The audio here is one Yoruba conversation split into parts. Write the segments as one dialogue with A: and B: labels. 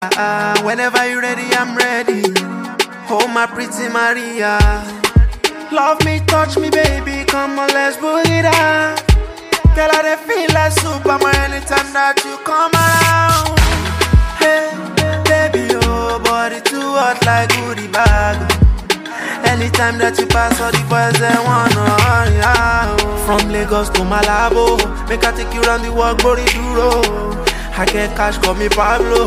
A: Uh, whenever you're ready, I'm
B: ready. Oh, my pretty Maria. Love me, touch me,
C: baby. Come on, let's boogie down. Girl, I feel like Superman anytime that you come around. Hey, baby, oh, body too hot like goodie bag. Anytime that you pass, all the boys they wanna run yeah. From Lagos to Malabo, make I take you round the world, body duro. I get cash, call me Pablo.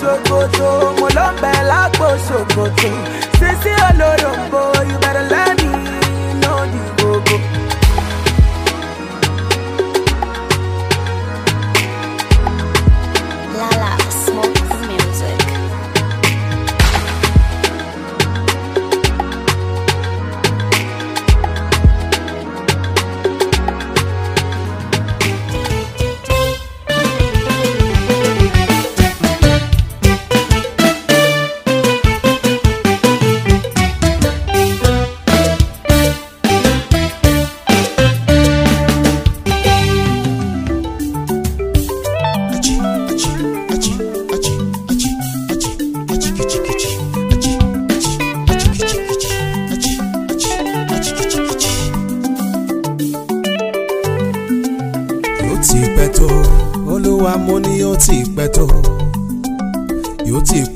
D: ṣòkòtò mo ló ń bẹ lápò ṣòkòtò sísí olóròǹbó you better let me.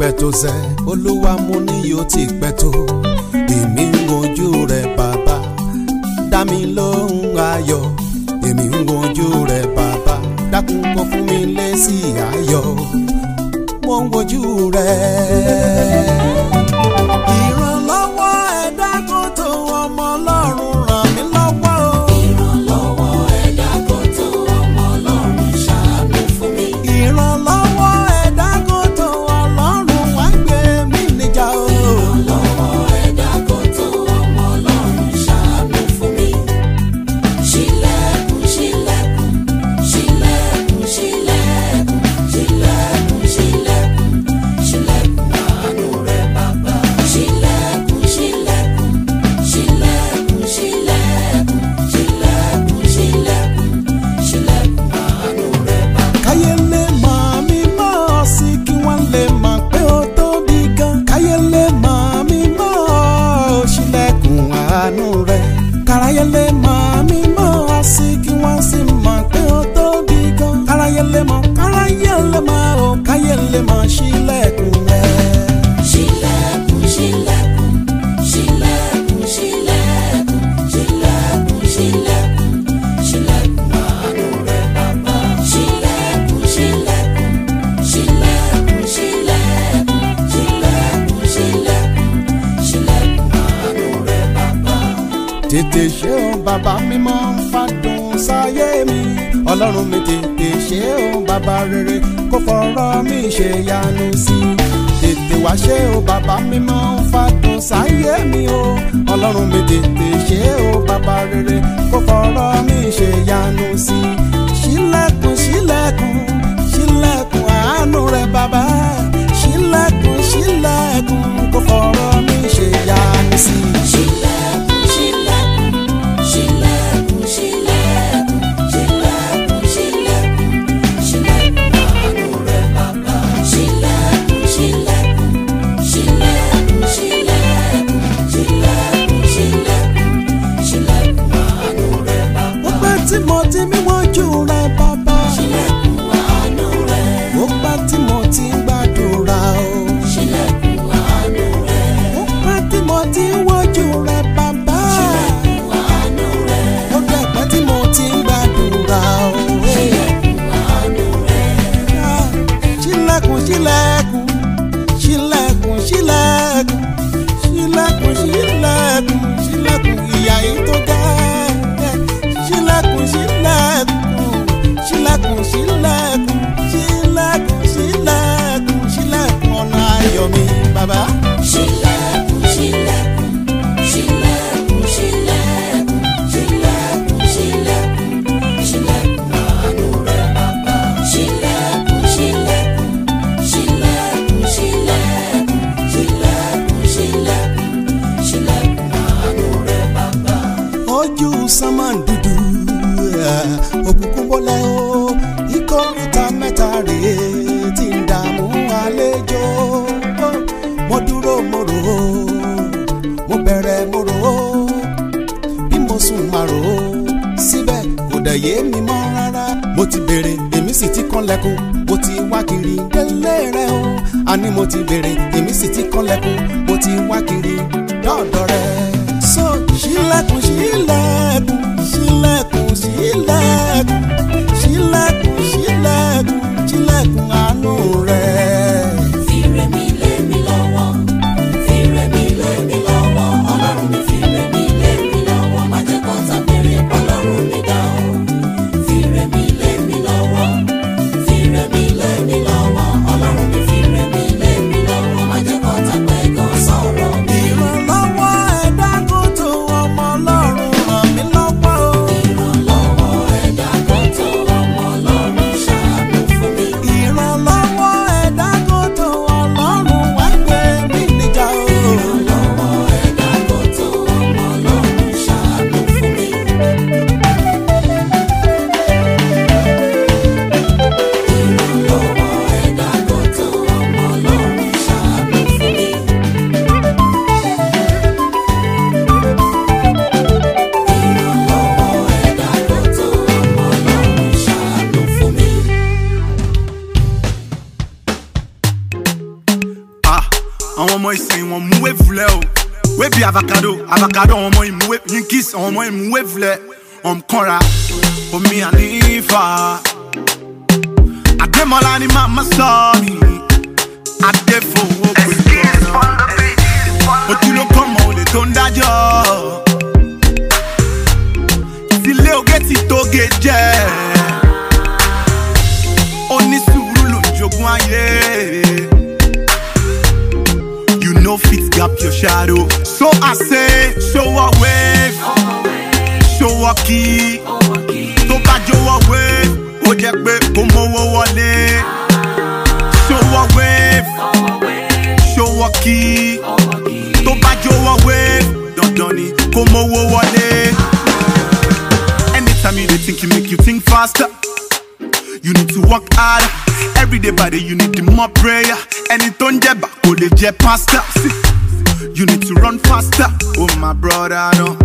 B: pẹ́ tó sẹ́ olúwa mo ní yóò ti pẹ́ tó. bàbá mímọ́ fàdùn sáyé mi ọlọ́run mi tètè ṣe o bàbá rere kó fọ̀rọ̀ mi ṣe yanu sí i tètè wá ṣe o bàbá mímọ́ fàdùn sáyé mi o ọlọ́run mi tètè ṣe o bàbá rere kó fọ̀rọ̀ mi ṣe yanu sí i ṣílẹ̀kùn ṣílẹ̀kùn ṣílẹ̀kùn àánú rẹ bàbá ṣílẹ̀kùn ṣílẹ̀kùn kó fọ̀rọ̀ mi ṣe yanu. kànlẹ̀kùn mo ti wá kiri délé rẹ o àní mo ti béèrè èmi sì ti kànlẹ̀kùn mo ti wá kiri dọ́ọ̀dọ̀ rẹ. so ṣílẹ̀kùn ṣílẹ̀kùn ṣílẹ̀kùn ṣílẹ̀kùn ṣílẹ̀kùn ṣílẹ̀kùn
E: ṣílẹ̀kùn àánú rẹ.
F: tí tóge jẹ́ onísùúrù ló jogún ayé. You no fit gap your shadow. So I say, show a wave, show a key. Tó bá jọ a wave, ó jẹ́ pé kò mówó wọlé. Show a wave, show a key. Tó bá jọ a wave, dandan ni kò mówó wọlé. Anytime you think you make you think faster. You need to work harder. Every day by day, you need more prayer. Any don't get back, go they get pasta. You need to run faster. Oh my brother, no.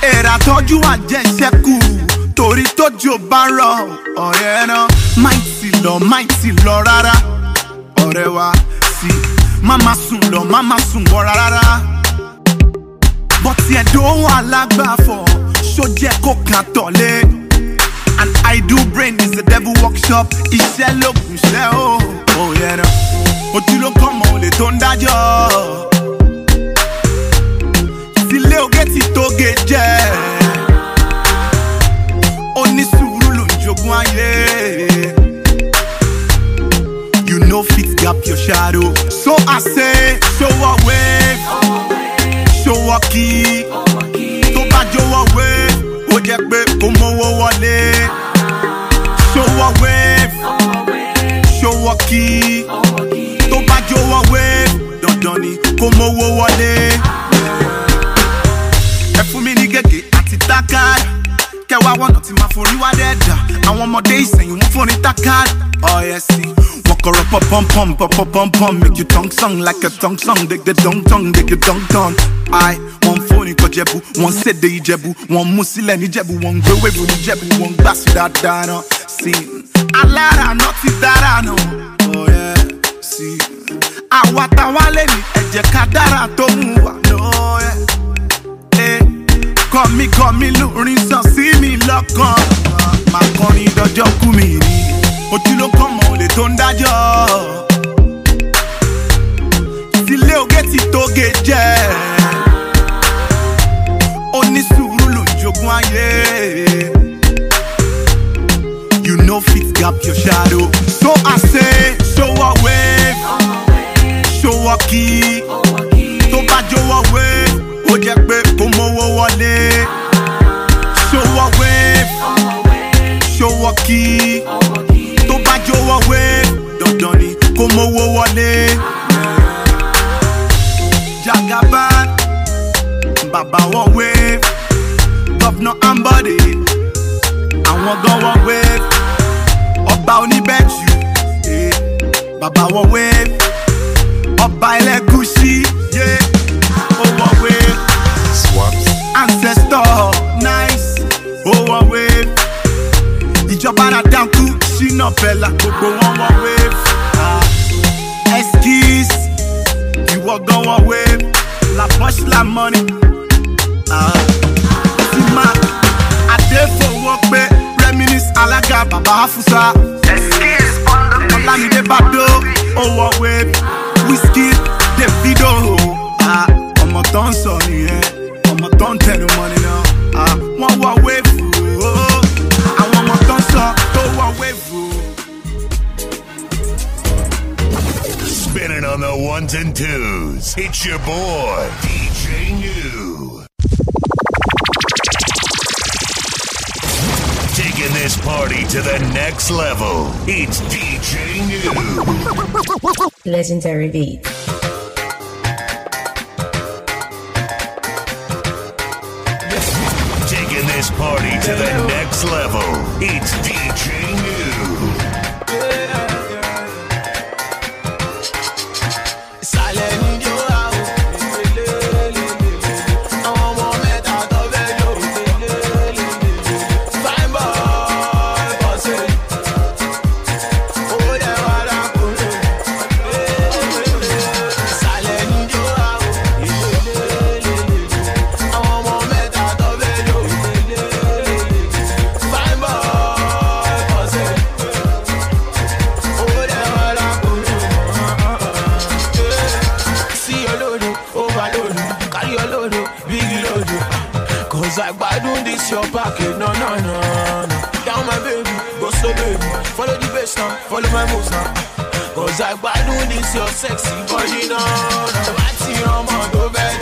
F: Hey, I told you I just cool. torí tójú bá rọ ọ̀rẹ́ náà máì ti lọ máì ti lọ oh, ọ̀rẹ́ wa sí má má sùn lọ má má sùn But you don't want alagba for show je kokatole. And I do brain is the devil workshop. It's a kù ṣẹ́ Oh yeah no. Ojú ló kọ́ mọ̀ olè tó ń dájọ́. Sílé oge ti tóge jẹ́. Onísùúrù ló ń jogún ayé. You know, fit gap your shadow. So I say, show away. Oh ṣòwò kí tó bá jówó wé ó jẹ́ pé kò mówó wọlé ṣòwò wé ṣòwò kí tó bá jówó wé dandan ni kò mówó wọlé ẹ fún mi ní gègé àti tákàdá kẹwàá wọ̀nà tí máa forí wá dẹ́ẹ̀dà àwọn ọmọdé ìsẹ̀yìn wọn fún ní tákàdá ọ̀ẹ́sìn wọ̀kọ̀rọ̀ pọ̀ pọ́npọ́n pọ̀ pọ́npọ́n make you tongue song like a tongue song dege dong dong dege dong dong. I wọn fóònù kọjẹ́bu wọn ṣèdè ìjẹ̀bu wọn mú sílẹ̀ níjẹ̀bu wọn gbé wèwè níjẹ̀bu wọn gbà sí dáadáa náà sí. alára náà ti dára náà ọ̀ẹ́ sí. àwa táwa lè ní ẹ̀jẹ̀ ká dára tó mú wa ọkọ mi kọ mi lórin sàn sí mi lọ́kàn máa kọrin dọjọ́ kú mi rí ojú ló kàn mọ́ olè tó ń dájọ́ sílé oge ti tóge jẹ́ onísùúrù ló ayé you no fit gap your shadow so I say show a wave show a key tó bá jọ̀wọ́ wave kó jẹ́ pé kó mówó wọlé. ṣòwò wave ṣòwò kí tó bá jówó wave dandan ni kó mówó wọlé. Jagaban bàbá wọn wave gọ́fìnà ambode àwọn gan wọn wave ọba oníbẹ̀jù eh, bàbá wọn wave ọba ẹlẹ́gúsí ó wọ wave ancestor nice ó wọ wave ìjọba Adam kú Shina Bella gbogbo wọn wọ wave ah. excuse ìwọ gan wọ wave la push la money ah. sima adéfowó pé reminis alága bàbá afusa ọlámídé bàdó ó wọ wave whiskey, Davido ah. ọmọ tó ń sọ nìyẹn. ọmọ tó ń tẹnu mọ́ ni náà wọ́n wá wéèfù àwọn ọmọ tó ń sọ
E: Spinning on the ones and twos. It's your boy, DJ New. Taking this party to the next level. It's DJ New.
D: Legendary beats.
E: party to the next level. It's
G: gbádùn ní you do sẹ́ẹ̀sì bọ́jú náà. bàbá ti rán ọmọ tó bẹ́ẹ̀.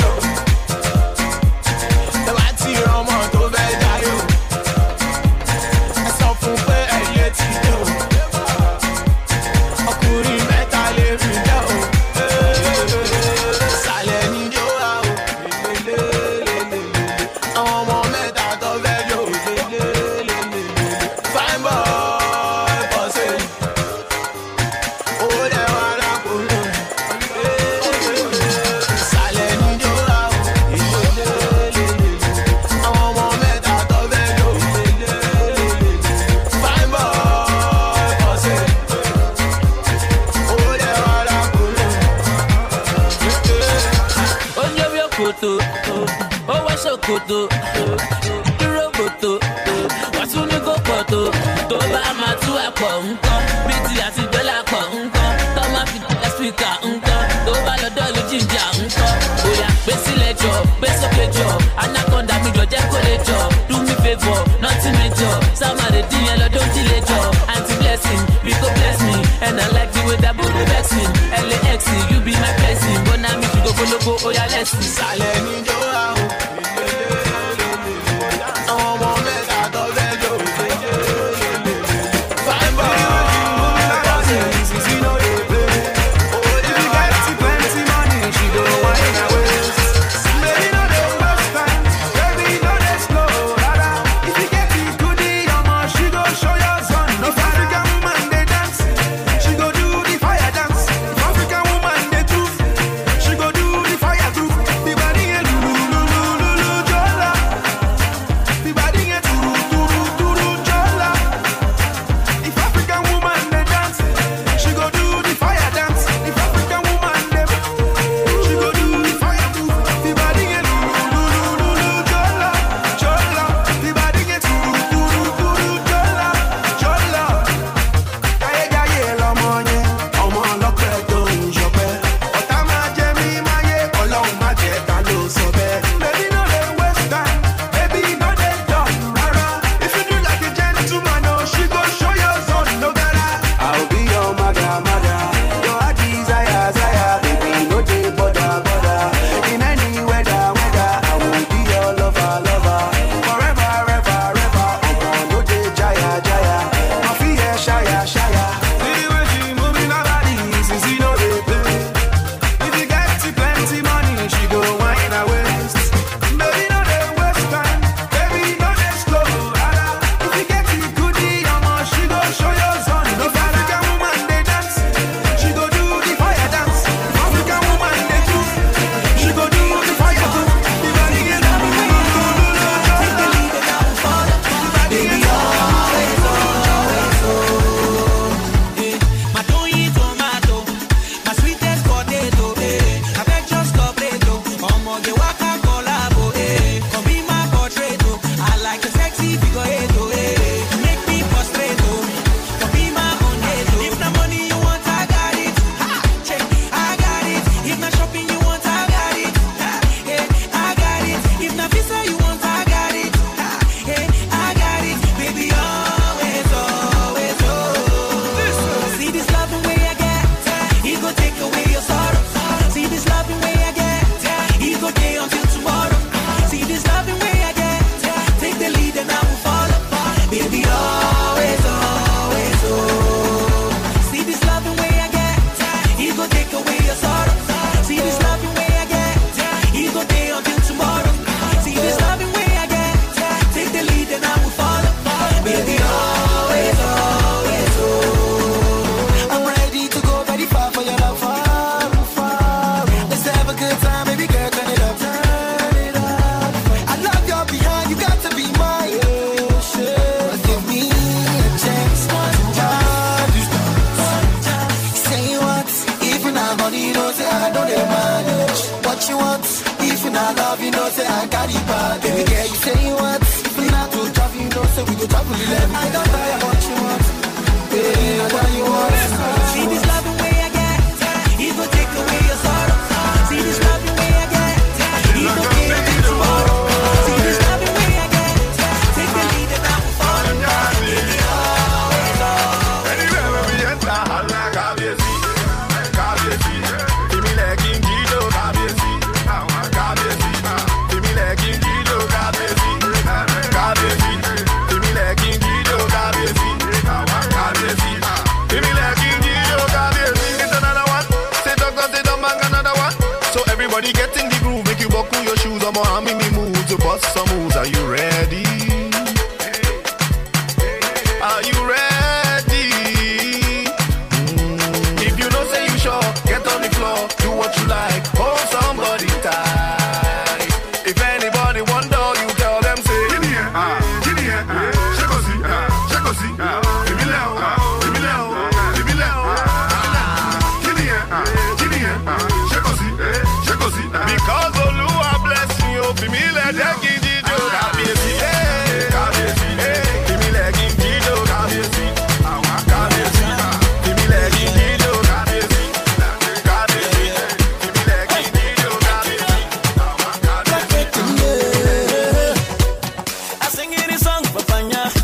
E: singing his
D: song I'm not.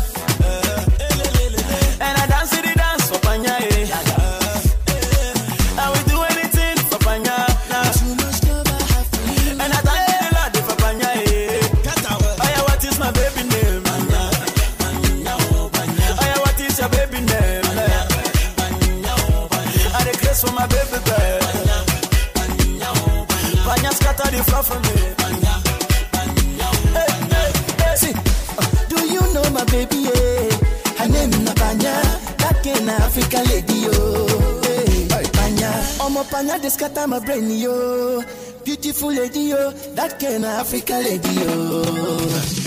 D: Now they scatter my brain, yo. Beautiful lady, yo. That kind of Africa lady, yo.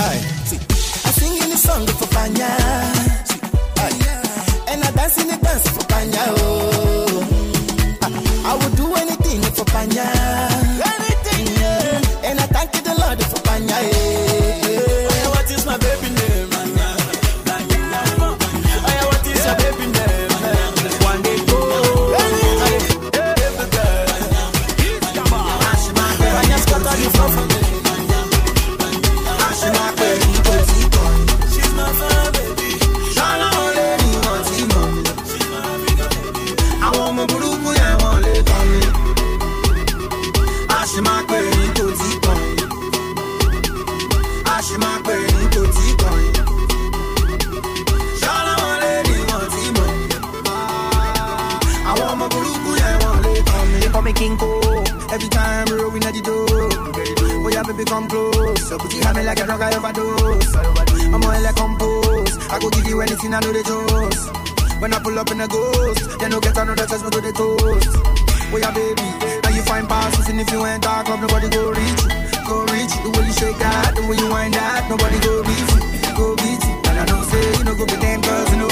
D: Aye. See, I sing in the song for Panya. Aye. And I dance in the dance for Panya, oh. I, I would do anything for Panya.
C: where your baby. Now you find passes, and if you ain't dark up, nobody go reach you. Go reach you. The way you shake that, the way you wind that, nobody go beat you. Go beat you. And I don't say you know go get them you know.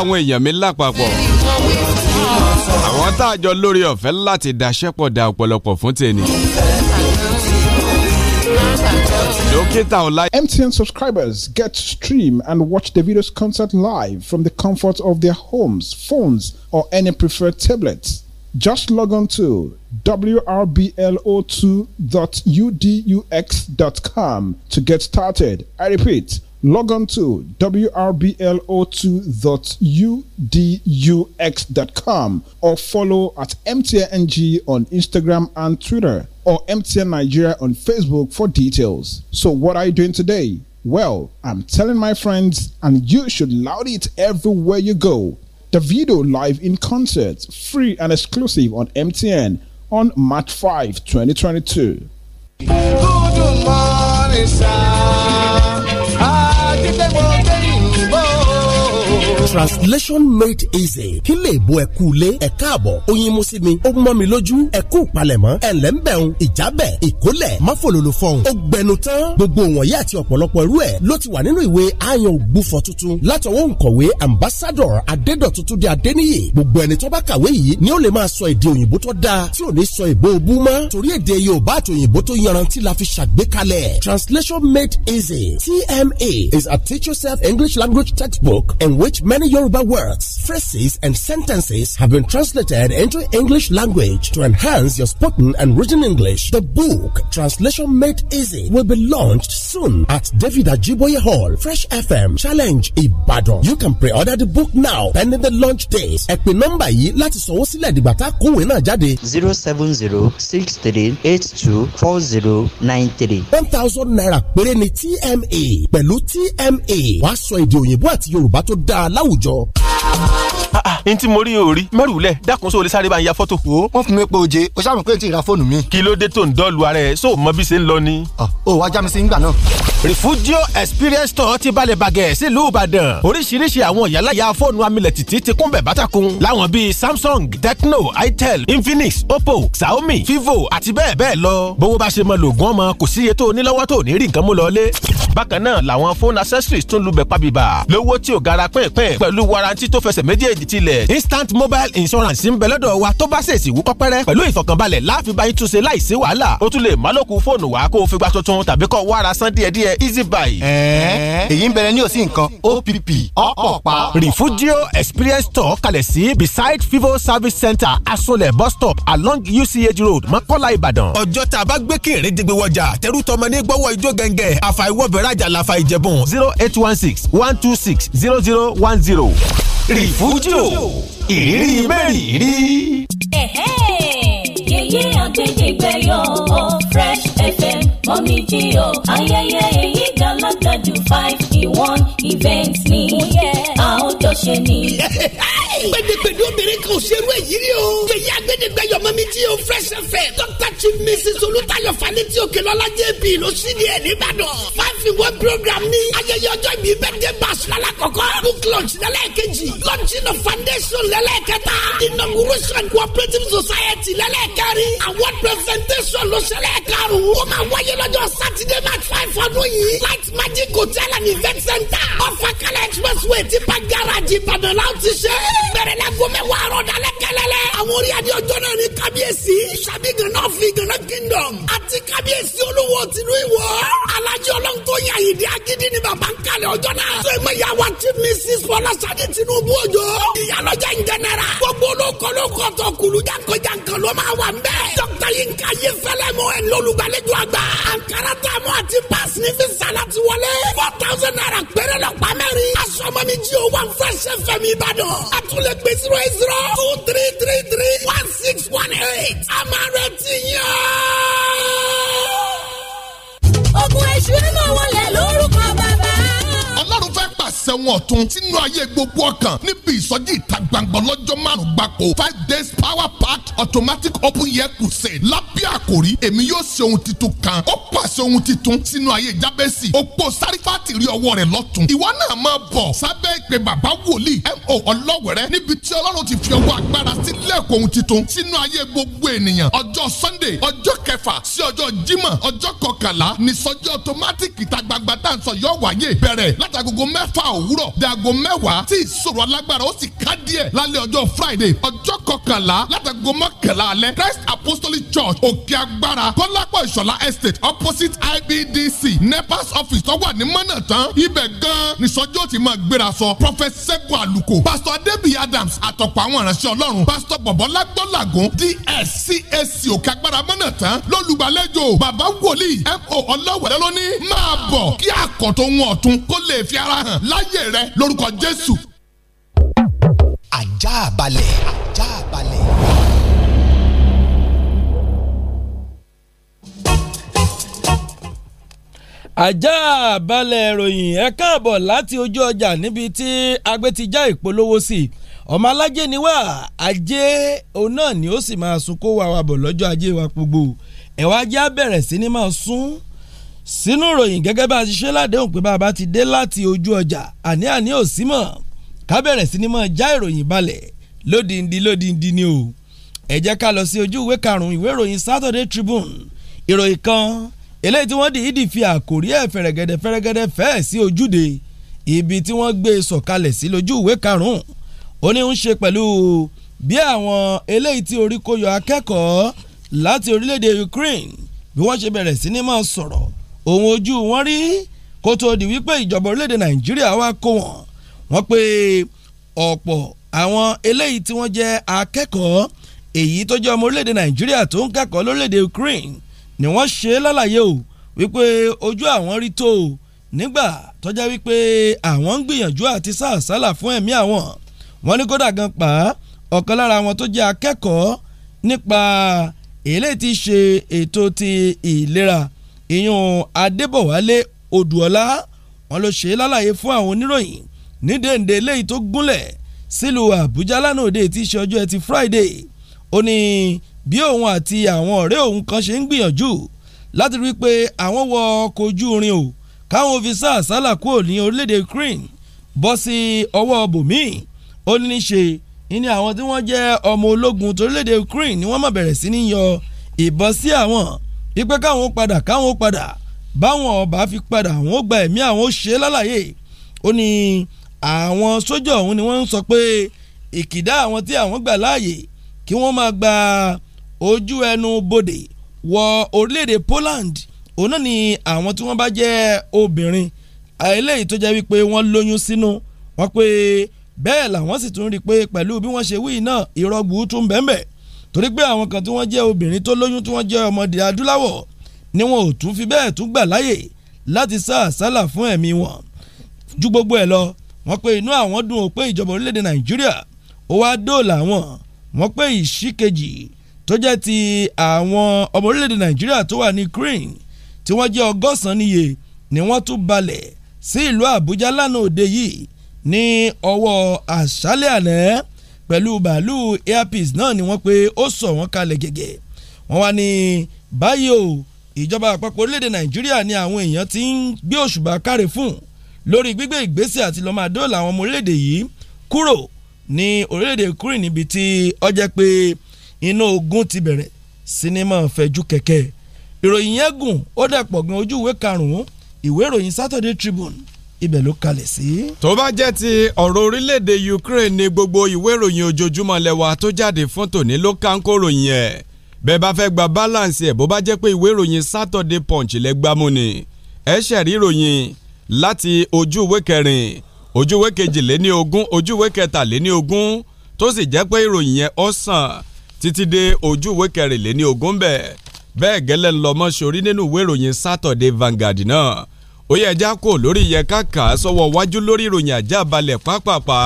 A: àwọn èèyàn mi lápapọ̀ àwọn tá a jọ lórí ọ̀fẹ́ láti da ọ̀pọ̀lọpọ̀ fún tèmi.
H: MTN subscribers get to stream and watch the video's concert live from the comfort of their homes, phones, or any preferred tablet. Just log on to wrblo2.udux.com to get started. I repeat, log on to wrblo2.udux.com or follow at mtng on Instagram and Twitter or MTN Nigeria on Facebook for details. So, what are you doing today? Well, I'm telling my friends, and you should loud it everywhere you go. The video live in concert, free and exclusive on MTN on March 5, 2022. Keep that translation made easy kí lè bo ẹ̀kú lé ẹ̀ka àbọ̀ oyin mú sí mi ó mọ́ mi lójú ẹ̀kú palẹ̀mọ́ ẹ̀lẹ́ ń bẹ̀rùn ìjábẹ̀ ìkólẹ̀ máfòlòlò fọ̀hún ó gbẹnu tán gbogbo wọ̀nyí àti ọ̀pọ̀lọpọ̀ irú ẹ̀ ló ti wà nínú ìwé ayan ògbúfọ̀ tuntun látọwọ́ nkọ̀wé ambassador adédọ̀tutù dé adéníyè gbogbo ẹni tó bá kàwé yìí ni ó lè máa sọ èdè òyìnbó tó dáa tí ò ní sọ èbó obú mọ́ torí èdè yorùbá àti òyìnbó tó yanrantí la fi ṣàgbékalẹ̀ translation made easy tma is a teach yourself english language textbook in which men many Yoruba words, phrases, and sentences have been translated into English language to enhance your spoken and written English. The book, Translation Made Easy, will be launched soon at David Ajiboye Hall, Fresh FM, Challenge Ibadan. You can pre-order the book now pending the launch date. Ẹ pè nọ́mbà yìí láti sanwó sílẹ̀ dìgbà tá a kówé náà jáde. zero seven zero six three eight two four zero nine three. one thousand naira péré ni TMA pẹ̀lú TMA wàá sọ èdè òyìnbó àti Yorùbá tó dáa láwùjọ láwùjọ. Ah, ah n tí mo rí o rí mẹ́rùlẹ̀ dákun sóò lè sáré bá ń ya fọ́tò. o wọ́n fún mi pé oje o ṣàmì pé n ti ra fóònù mi. kí ló dé tó ń dọ́ọ̀lù ara ẹ̀ sóò mọ bí ṣe ń lọ ni. o wa já mi sí ngbà náà. Refugio Experience Store ti balẹ̀ bàgẹ́ sílùú Ìbàdàn oríṣiríṣi àwọn ìyálàyà fóònù amílẹ̀ tìtì ti kún bẹ̀ bátakùn láwọn bíi Samsung Tecno Itel Infinix Oppo Xiaomi Vivo àti bẹ́ẹ̀ bẹ́ẹ̀ lọ bówó bá ṣe mọ lògùn ọmọ kò síye tó onílọ́wọ́ tó ní rí nǹkan mú lọ bákan náà làwọn fóònù accessories tún lubẹ̀ pàbíbà lówó tí ò gara pẹ́ẹ́pẹ́ẹ́ pẹ̀lú warranty tó fẹsẹ̀ méjèèjì ti lẹ̀ instant mobile insurance ń bẹ lọ́dọ̀ wa tó bá ṣèṣì wú kọ́pẹ́rẹ́ pẹ̀lú ìfọ̀kànbalẹ̀ láàfin báyìí túnṣe láìsí wàhálà ó tún lè má lókun fóònù wá kó o fi gba tuntun tàbí kọ́ wàrà san díẹ̀díẹ̀ easy buy. ẹ̀ẹ́ èyí ń bẹ̀rẹ̀ ní òsì nǹkan OPP ọ̀pọ̀ pa. Refugio Experience Store kalẹ̀ sí beside Vivo Service Center Asolẹ̀ bus stop along UCH Road Mọ́kọ́lá Ìbàdàn. ọjọ́ tá a bá gbé kéré dègbè wọjà tẹ́rù tọmọ ní gbọ́wọ́ ijó gẹ́ngẹ́ àfàìwọ́bẹ̀rẹ̀ àlàfà zero eight one six one two six zero zero one zero.
B: Refugio rédíò
H: ìrírí mẹ́rin
B: rí.
E: yèyé àgbẹ̀dẹ̀gbẹ̀ yọ ọ Fresh FM mọ́mìjì o ayẹyẹ èyí gàlágàjù five in one event ni oh, a ó jọ ṣe ni. gbẹdẹgbẹdẹ obìnrin kan ò ṣerú èyí rí o. yẹyẹ agbẹdẹgbẹyọ mọmi tí o fresh
I: fẹ dr chief mrs olutayo fanitio kelọla jp ló sì ní ẹ nìbàdàn. five in one program ní ayẹyẹ ọjọ́ ìbí birthday bash lálàkọ́kọ́ book launch lẹ́lẹ́kejì launching of foundation lẹ́lẹ́kẹta inauguration cooperative society lẹ́lẹ́kẹrin award presentation ló ṣẹlẹ̀ karùn-ún. ó máa wáyé lọ́jọ́ sátidé march five ọdún yìí light magic hotel and event center ọ̀fà kala expressway ti pa garaji ìbàdàn láti ṣe é bẹ̀rẹ̀ láago mẹ́wàá àárọ̀ dalẹ́ kẹlẹ́lẹ́. àwọn orí adé ọjọ́ náà ni kábíyèsí sàbí gànà fi gànà kingdom àti kábíyèsí olówó tìlú ìwọ. alájọ ọlọ́run yà yìí di ni bàbá ń kalẹ̀ ọjọ́ náà. sọ èmi yà wá tí mrs fọlásadé tinubu òjò. ìyálọ́jà ń jẹnẹra. gbogbo olókòlókò tó kulu jankan-jankan ló máa wà ń dókítà yìí ń ka yé fẹ́lẹ́ mọ́ ẹ̀ lọ́lùgbàlejò àgbà. àǹkárá tá a mọ àti paasi ní fi sàlátì wọlé. four thousand naira péré lọ pamẹ́rì. aṣọ lè pè zero eight zero two three three three one six one eight. a máa
J: retí yẹn. ogun èṣù ẹ̀ máa wọlé lórúkọ bàbá sẹ́wọ̀n ọ̀tun sínú ayé gbogbo ọkàn níbi ìsọjí ìta gbangba lọ́jọ́ márùn-ún gbapò five days power pack, automatic open air crusade lábẹ́ àkòrí èmi yóò ṣe ohun titun kan ó pàṣẹ ohun titun sínú ayé jábẹ́sì òpó sárífàtì rí ọwọ́ rẹ̀ lọ́tún ìwọ náà máa bọ̀ sábẹ́ ìpè bàbá wòlíì mo ọlọ́wẹ̀rẹ́ níbi tí ọlọ́run ti fi ọwọ́ agbára sílẹ̀ kò ohun titun sínú ayé gbogbo ènìyàn ọjọ́ sunday ọjọ́ kẹfà sí ọjọ́ jímọ̀ ọjọ́ kọkànlá ní sọjí ọtọmátìkì ta gbangba tá à ń sọ yọ wáyé bẹ̀rẹ̀ látagogo mẹ́fà mẹ́fà òwúrọ̀ dago mẹ́wàá tí ìṣòro alágbára ó sì ká díẹ̀ lálẹ́ ọjọ́ friday ọjọ́ kọkànlá látago mọ́kànlá alẹ́ christ apostolic church òkè agbára kọ́lápọ̀ ìṣọ̀lá estate opposite ibdc nepas office tó wà ní mọ́nà tán ibẹ̀ gan-an nìṣọ́jú ó ti máa gbéra sọ prophet sẹ́gun àlùkò pastor adébíyí adams àtọ̀pọ̀ àwọn ìránṣẹ́ ọlọ́run pastor bọ̀bọ́ lágbọ́làgún dscac òkè agbára mọ́nà tán lólùgbàlejò bàbá wòlíì mo ọlọ́wẹ̀lẹ́ lóní máa bọ̀ kí àkọ́tò wọn láyè rẹ lórúkọ Jésù. ajá balẹ̀ ajá balẹ̀.
K: ajá balẹ̀ ìròyìn ẹ káàbọ̀ láti ojú ọjà níbi tí agbé ti já ìpolówó sí i ọmọ alájẹ ni wá ajé òun náà ni ó sì máa sun kó wa ajé wa gbogbo ẹ̀ wá já bẹ̀rẹ̀ sí ni máa sún sínú ìròyìn gẹ́gẹ́ bá a ti ṣe ládéhùn pé bàbá ti dé láti ojú ọjà àní àní ò sí mọ̀ ká bẹ̀rẹ̀ sí ni mọ̀ já ìròyìn balẹ̀ lódìndín lódìndín ni o ẹ jẹ́ ká lọ sí ojú ìwé karùn-ún ìwé ìròyìn Saturday Tribune ìròyìn kan eléyìí tí wọ́n dìídì fi àkòrí ẹ̀ fẹ̀rẹ̀gẹ̀dẹ̀ fẹ̀rẹ̀gẹ̀dẹ̀ fẹ́ẹ̀ sí ojúde ibi tí wọ́n gbé e sọ̀kalẹ̀ sí lójú ìwé karùn-ún ó ní ń ṣe pẹ̀lú bí àwọn eléyìí tí orí kó yọ akẹ́kọ̀ọ́ láti orílẹ̀-èdè Ukraine bí wọ́n ṣe bẹ̀rẹ̀ sí ni máa sọ̀rọ̀ òun ojú wọn rí kó tó di wípé ìjọba orílẹ̀-èdè nàìjíríà wá kó wọn wọ́n pé ọ̀pọ̀ àwọn eléyìí tí wọ́n jẹ́ akẹ́kọ̀ọ́ èyí tó jẹ́ ọmọ orílẹ̀-èdè nàìjíríà tó ń kẹ́kọ̀ọ́ lórílẹ̀-èdè ukraine ni wọ́n ṣe lálàyé o wípé ojú àwọn rí tó o nígbà tó jẹ́ wípé àwọn ń gbìyànjú àti sàásálà fún ẹ̀mí àwọn wọ́n ní kódà gan pa ọ̀kan lára àwọn tó jẹ́ akẹ́kọ̀ọ́ nípa eléyìí ti ṣe ètò ti ìlera ìyún adébọ̀wálé odùọlá wọn ló ṣe lálàyé fún àwọn oníròyìn ní dèndé eléyìí tó gúnlẹ̀ sílùú àbújá lánàá òde tí í ṣe ọjọ́ ẹtì friday ó ní bí òun àti àwọn ọ̀rẹ́ òun kan ṣe ń gbìyànjú láti rí i pé àwọn wọ ọkọ̀ ojú irin o káwọn fi sá kúrò ní orílẹ̀-èdè ukraine bọ́ sí ọwọ́ bòmíì ó ní í ṣe ní àwọn tí wọ́n jẹ́ ọmọ ológun torílẹ̀-èdè ukraine ni wọ́n máa bẹ̀rẹ̀ sí ní yọ ìbọn sí àwọn ipe káwọn ó padà káwọn ó padà báwọn ọba fi padà àwọn ó gba ẹ̀mí àwọn ó ṣe lálàyé ó ní àwọn sójà ọ̀hún ni wọ́n ń sọ pé ìkìdá àwọn tí àwọn gbà láàyè kí wọ́n máa gba ojú ẹnu bodè wọ orílẹ̀-èdè Poland òun náà ni àwọn tí wọ́n bá jẹ́ obìnrin eléyìí tó jẹ́ wípé wọ́n lóyún sínú wọ́n pé bẹ́ẹ̀ làwọn sì tún rí i pé pẹ̀lú bí wọ́n ṣe wí náà ìrọ̀gbù tún bẹ́ẹ̀ bẹ́ẹ̀ torí pé àwọn kan tí wọ́n jẹ́ obìnrin tó lóyún tí wọ́n jẹ́ ọmọdé adúláwọ̀ ni wọn ò tún fi bẹ́ẹ̀ tún gbà láyè láti sá àsálà fún ẹ̀mí wọn ju gbogbo ẹ̀ lọ wọ́n pé inú àwọn dùn ó pé ìjọba orílẹ̀-èdè nàìjíríà ó wá dóòlà wọn wọ́n pé ìṣíkejì tó jẹ́ ti àwọn ọmọ orílẹ̀-èdè nàìjíríà tó wà ní ukraine tí wọ́n jẹ́ ọgọ́sàn-án níye ni wọ́n tún balẹ̀ sí ìlú àbújá lánàá òde yìí ní ọwọ́ àṣálẹ̀ àná pẹ̀lú bàálù airpeace náà ni wọ́n pé ó sọ wọ́n kalẹ̀ gẹ́gẹ́ wọ́n wá ní báyìí o ìjọba àpapọ̀ orílẹ̀-èdè nàìjíríà ni àwọn èèyàn ti ń gbé òṣùbà káre fún lórí gbígbé ìgbésẹ̀ àti lọ́ọ́ máa dóòlà àwọn ọmọ orílẹ̀-èdè yìí kúrò ní orílẹ̀-èdè kúrì níbi tí ó pé inú ogun ti bẹ̀rẹ̀ sinimá fẹ̀jú kẹ̀kẹ́ ìròyìn yẹn gùn ó dàpọ̀ gan ojú ìwé karùn-ún ìwé ìròyìn Saturday Tribune ibẹ̀ ló kalẹ̀ sí.
A: tó bá jẹ́ ti ọ̀rọ̀ orílẹ̀-èdè Ukraine ni gbogbo ìwé ìròyìn ojoojúmọ́ lẹ́wà tó jáde fún tòní ló ká ń kó ròyìn ẹ̀ bẹ́ẹ̀ bá fẹ́ gba balance ẹ̀ bó bá jẹ́ pé ìwé ìròyìn Saturday Punch lẹ gbámú ni ẹ ṣẹ̀ rí ìròyìn láti ojú ìwé kẹrin ojú ìwé kejìléní ogún ojú ìwé kẹtàléní ogún tó sì jẹ́ pé ìròyìn yẹn ó sàn títí dé ojú ìwé kẹrìnléní ogún bẹ́ẹ̀ bẹ́ẹ̀ gẹ́lẹ́ ńlọmọ sórí nínú ìwé ìròyìn Saturday Vanguard náà ó yẹ ẹja kò lórí yẹ káàkà sọ́wọ́ wájú lórí ìròyìn ajá balẹ̀ pápápá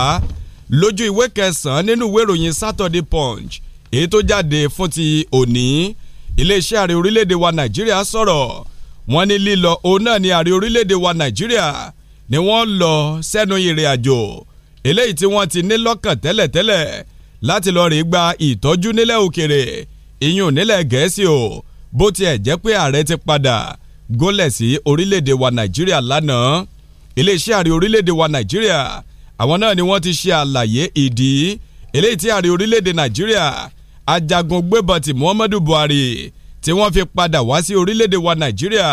A: lójú ìwé kẹsàn-án nínú ìwé ìròyìn Saturday Punch èyí tó jáde fún ti òní iléeṣẹ́ ààrẹ orílẹ̀-èdè wa Nàìjíríà sọ̀rọ̀ wọ́n ní lílọ òun náà ni ààrẹ orílẹ̀-èdè wa Nàìjíríà ni wọ́n lọ sẹ́nu ìrìn àjò eléyìí tí wọ́n ti ní lọ́kàn tẹ́lẹ̀tẹ́lẹ̀ láti lọ rí gba ìtọ́jú nílẹ̀ òkèrè ìyún nílẹ̀ gẹ̀ẹ́sì o bó tiẹ̀ jẹ́ pé ààrẹ ti padà gólẹ̀ sí orílẹ̀-èdè wa nàìjíríà lánàá iléeṣẹ́ ààrẹ orílẹ̀-èdè wa nàìjíríà àwọn náà ni wọ́n ti ṣe àlàyé ìdí eléyìí tí ààrẹ orílẹ̀-èdè nàìjíríà ajagun gbébọn ti muhammadu buhari tí wọ́n fi padà wá sí orílẹ̀-èdè wa nàìjíríà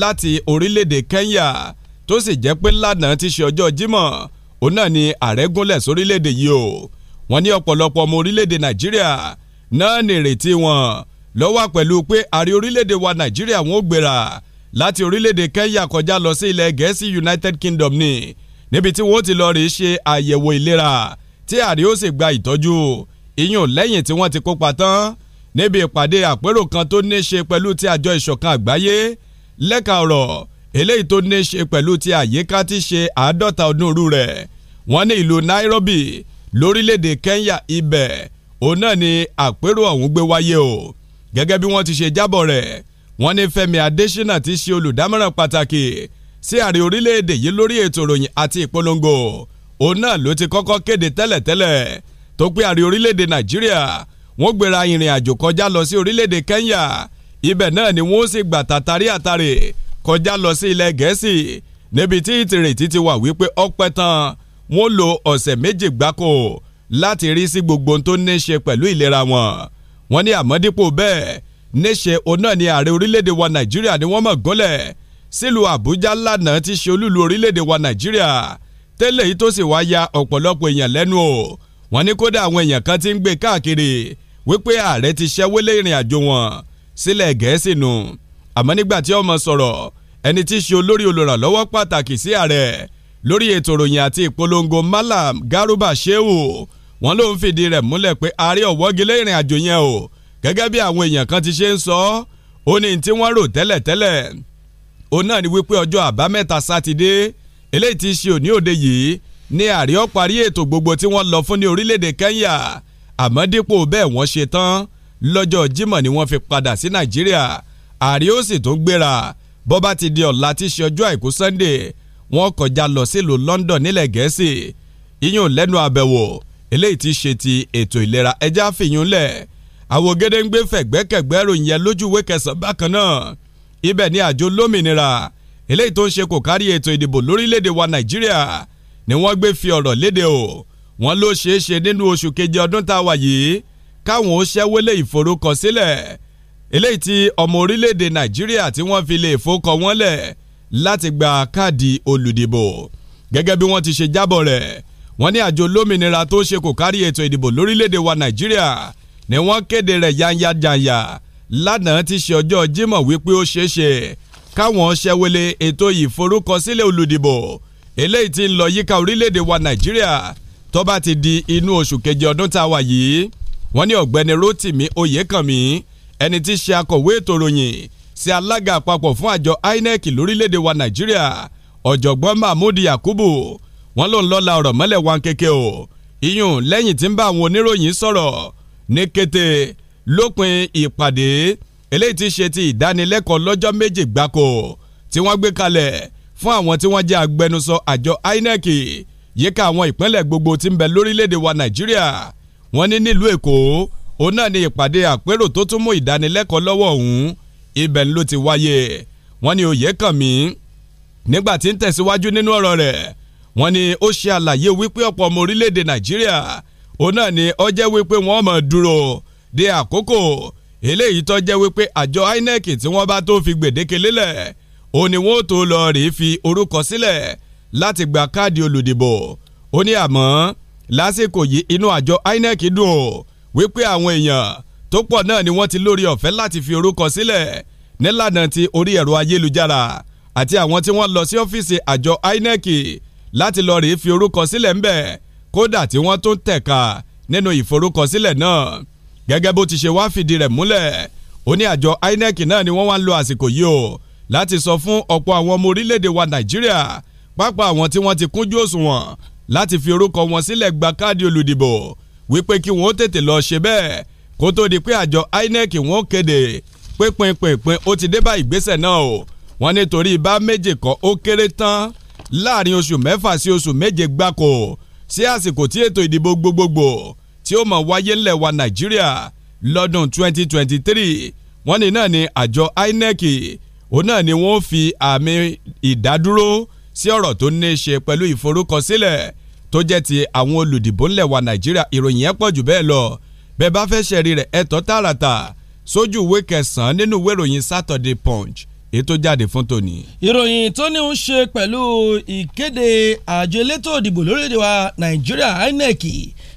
A: láti orílẹ̀-èdè kenya tó sì jẹ́ pé lánàá ti ṣe ọjọ́ jímọ̀ òun náà ni ààrẹ gúnlẹ̀ sórílẹ̀-èdè yìí o wọ́n ní ọ̀pọ̀lọpọ̀ ọmọ orílẹ̀-èdè nàìjíríà náà nìrètí ló wà pẹ̀lú pé ààrẹ orílẹ̀-èdè wa nàìjíríà wọn ò gbéra láti orílẹ̀-èdè kẹ́ńyà kọjá lọ sí ilẹ̀ gẹ̀ẹ́sì united kingdom ni níbi tí wọ́n ti lọ rí ṣe àyẹ̀wò ìlera tí ààrẹ ó sì gba ìtọ́jú ìyún lẹ́yìn tí wọ́n ti kópa tán níbi ìpàdé àpérò kan tó ní ṣe pẹ̀lú ti àjọ ìṣọ̀kan àgbáyé lẹ́ka ọ̀rọ̀ eléyìí tó ní ṣe pẹ̀lú ti àyíká ti ṣe àádọ́ta ọdún òru rẹ̀ wọ́n ní ìlú Nairobi lórílẹ̀‐èdè Kenya ibẹ̀ òun náà ni àpérò ọ̀hún gbé wáyé o gẹ́gẹ́ bí wọ́n ti ṣe jábọ̀ rẹ̀ wọ́n ní Fẹ́mi Adésínà ti ṣe olùdámọ̀ràn pàtàkì sí ààrẹ orílẹ̀-èdè yìí lórí ètò ìròyìn àti ìpolongo òun náà ló ti kọ́kọ́ kéde tẹ́lẹ̀tẹ́lẹ̀ tó pé ààrẹ orílẹ̀-èdè Nàìjíríà wọ́n gbéra ìrìn àjò kọjá lọ sí orílẹ̀-èdè Kẹ́ńyà ibẹ̀ náà ni wọ́n sì gbà tàtàrí àtàrí kọjá lọ sí ilẹ̀ Gẹ̀ẹ́sì níbi tí ìtìrètí ti wà wípé ọpẹ́ tán wọ́n lo ọ̀sẹ̀ méje gbáko láti rí sí gbogbo tó ní ṣe pẹ̀lú ìlera wọn wọ́n ní àmọ́ dípò bẹ́ẹ̀ níṣe òun ni ààrẹ orílẹ̀-èdè wa nàìjíríà ni wọ́n mọ̀ gúnlẹ̀ sílùú àbújá lánàá ti ṣe olúlu orílẹ̀-èdè wa nàìjíríà tẹ́lẹ̀ yìí tó sì wá ya ọ̀pọ̀lọpọ̀ èèyàn lẹ́nu o wọ́n ní kódà àwọn èèyàn kan ti ń gbé káàkiri wípé ààrẹ ti ṣẹ́wọ́lé ìrìn àjò wọn sílẹ̀ gẹ̀ẹ́sì nù àmọ́ nígbà tí ọmọ sọ̀rọ̀ ẹni tí ṣe olórí olùrànlọ́wọ́ pàtàkì sí ààrẹ lórí ètò ìròyìn àti ìpolongo malam garuba shehu wọ́n ló ń fìdí rẹ̀ múlẹ̀ pé ààrẹ ọ̀wọ́gilé ìrìn àjò yẹn o gẹ́gẹ́ bí àwọn èèyàn kan ti ṣe ń sọ ó ní tí wọ́n rò tẹ́lẹ̀tẹ́lẹ̀ òun náà ni wípé ọjọ́ àbámẹ́ta sátidé eléyìí ti ṣe òní òde yìí ní ààrẹ ó ètò gbogbo tí wọ́n lọ fún ní orílẹ̀-èdè Kenya àmọ́ dípò bẹ́ẹ̀ wọ́n ṣe tán lọ́jọ́ Jímọ̀ ni wọ́n fi padà sí Nàìjíríà ààrẹ ó sì tún gbéra bó bá ti di ọ̀la tí ṣe ọjọ́ àìkú Sunday wọ́n kọjá lọ sílùú London nílẹ̀ Gẹ̀ẹ́sì ìyún lẹ́nu àbẹ̀wò eléyìí ti ṣe ti ètò ìlera ẹjẹ́ àfihàn lẹ̀ àwọn gédéǹgbé fẹ̀gbẹ́kẹ̀gbẹ́ ròyìn yẹn lójú ìwé kẹsàn-án bákan náà ibẹ̀ ni àjọ lómìnira eléyìí tó ń ṣe kò kárí ètò ìdìbò lórílẹ̀‐èdè wa nàìjíríà ni wọ́n gbé fi ọ̀rọ̀ léde o wọ́n ló ṣeé ṣe nínú oṣù keje ọdún tá a wà yìí káwọn ó ṣẹ́wélé ìforúkọsílẹ̀ eléyìí tí ọmọ orílẹ̀‐èdè nàìjíríà tí wọ́n fi lè fokọ wọn lẹ̀ láti gba káàdì olùdìbò gẹ́gẹ́ bí wọ́n ti ṣe jábọ̀ rẹ̀ wọ́n ní àjọ olómìnira tó ṣe kò kárí ètò ìdìbò lórílẹ̀‐èdè wa nàìjíríà ni wọ́n kéde rẹ̀ yányájáyà lánàá ti ṣe ọjọ́ jímọ̀ wípé ó ṣeé ṣe káwọn ṣẹwele ètò ìforúkọsílẹ̀ olùdìbò eléyìí ti ń lọ yíká orílẹ̀‐èdè wa nàìjíríà tó bá ti di inú oṣù keje ọdún tá a wà yìí wọ́n ní ọ̀gbẹ́ni Rótìmí Oyèkànmí ẹni tí í ṣe akọ̀wé ètò ìròyìn sí alága àpapọ̀ fún àjọ INEC lórílẹ̀‐èdè wa nàìjíríà ọ̀jọ̀gbọ́n Mahmood Yakubu wọ́n lòun lọ́la ọ̀rọ̀ mọ́lẹ̀ wọn kéke o iyùn lẹ́yìn tí ń bá àwọn oníròyìn sọ̀rọ̀ ní kété lópin ìpàdé eléyìí ti ṣe ti ìdánilẹ́kọ̀ọ́ lọ́jọ́ méje gbáko tí wọ́n gbé kalẹ̀ fún àwọn tí wọ́n jẹ́ agbẹnusọ àjọ INEC yíká àwọn ìpínlẹ̀ gbogbo tí ń bẹ lórílẹ̀‐èdè wa Nàìjíríà wọ́n ní nílùú Èkó òun náà ni ìpàdé àpérò tó tún mú ìdánilẹ́kọ̀ọ́ lọ́wọ́ ọ̀hún ibẹ̀ ló ti wáyé wọ́n ní Oyèkànmí nígbà tí ń tẹ̀síwájú nínú ọ̀rọ̀ rẹ̀ wọ́n ní ó ṣe àlàyé wípé ọ̀pọ̀ ọmọ orílẹ̀-èdè nàìjíríà òun náà ni ó jẹ́ wípé wọ́n máa dúró de àkókò eléyìí tó jẹ́ wípé àjọ INEC tí wọ́n bá tó fi gbèdéke lélẹ̀ ó ní wọ́n tó lọ rí fi orúkọ sílẹ̀ láti gba káàdì olùdìbò ó ní àmọ́ lásìkò yìí inú àjọ INEC dùn ó wípé àwọn èèyàn tó pọ̀ náà ni wọ́n ti lórí ọ̀fẹ́ láti fi orúkọ sílẹ̀ nílànà ti orí ẹ̀rọ ayélujára àti àwọn tí wọ́n lọ sí ọ́fíìsì àjọ INEC láti lọ rèé fi orúkọ sílẹ̀ ń bẹ̀ kódà tí wọ́n tún tẹ̀ka nínú ìforúkọsílẹ̀ náà gẹ́gẹ́ bó ti ṣe wá fìdí rẹ̀ múlẹ̀ ó ní àjọ INEC náà ni wọ́n wá ń lo àsìkò yìí o láti sọ fún ọ̀pọ̀ àwọn ọmọ orílẹ̀-èdè wa Nàìjíríà pápá àwọn tí wọ́n ti kúnjú òṣùwọ̀n láti fi orúkọ wọn sílẹ̀ gba káàdì olùdìbò wípé kí wọ́n ó tètè lọ ṣe bẹ́ẹ̀ kó tó di pé àjọ INEC wọ́n kéde pé pinpinpin ó ti dé bá ìgbésẹ̀ náà o wọ́n nítorí bá méjì kọ́ ó kéré tán láàrin oṣù mẹ́fà sí oṣù méje gbáko sí àsìkò tí ètò ìdìbò gbogbogbò tí ó máa wáyé ńlẹ̀ wa Nàìjíríà lọ́dún 2023 wọ́n ní náà ni àjọ INEC òun náà ni wọ́n fi àmì ìdádúró sí ọ̀rọ̀ tó ní ṣe pẹ̀lú ìforúkọsílẹ̀ tó jẹ́ ti àwọn olùdìbò ńlẹ̀ wa Nàìjíríà ìròyìn yẹn pọ̀ jù bẹ́ẹ̀ lọ bẹ́ẹ̀ bá fẹ́ ṣẹ̀rí rẹ̀ ẹ̀tọ́ tààràtà sójú ìwé kẹsàn-án nínú ìwé ìròyìn Saturday Punch èyí tó jáde fún tòní.
K: ìròyìn tó ní ń ṣe pẹ̀lú ìkéde àjọ elétò òdìbò lórílẹ̀‐èdè wa nàìjíríà inec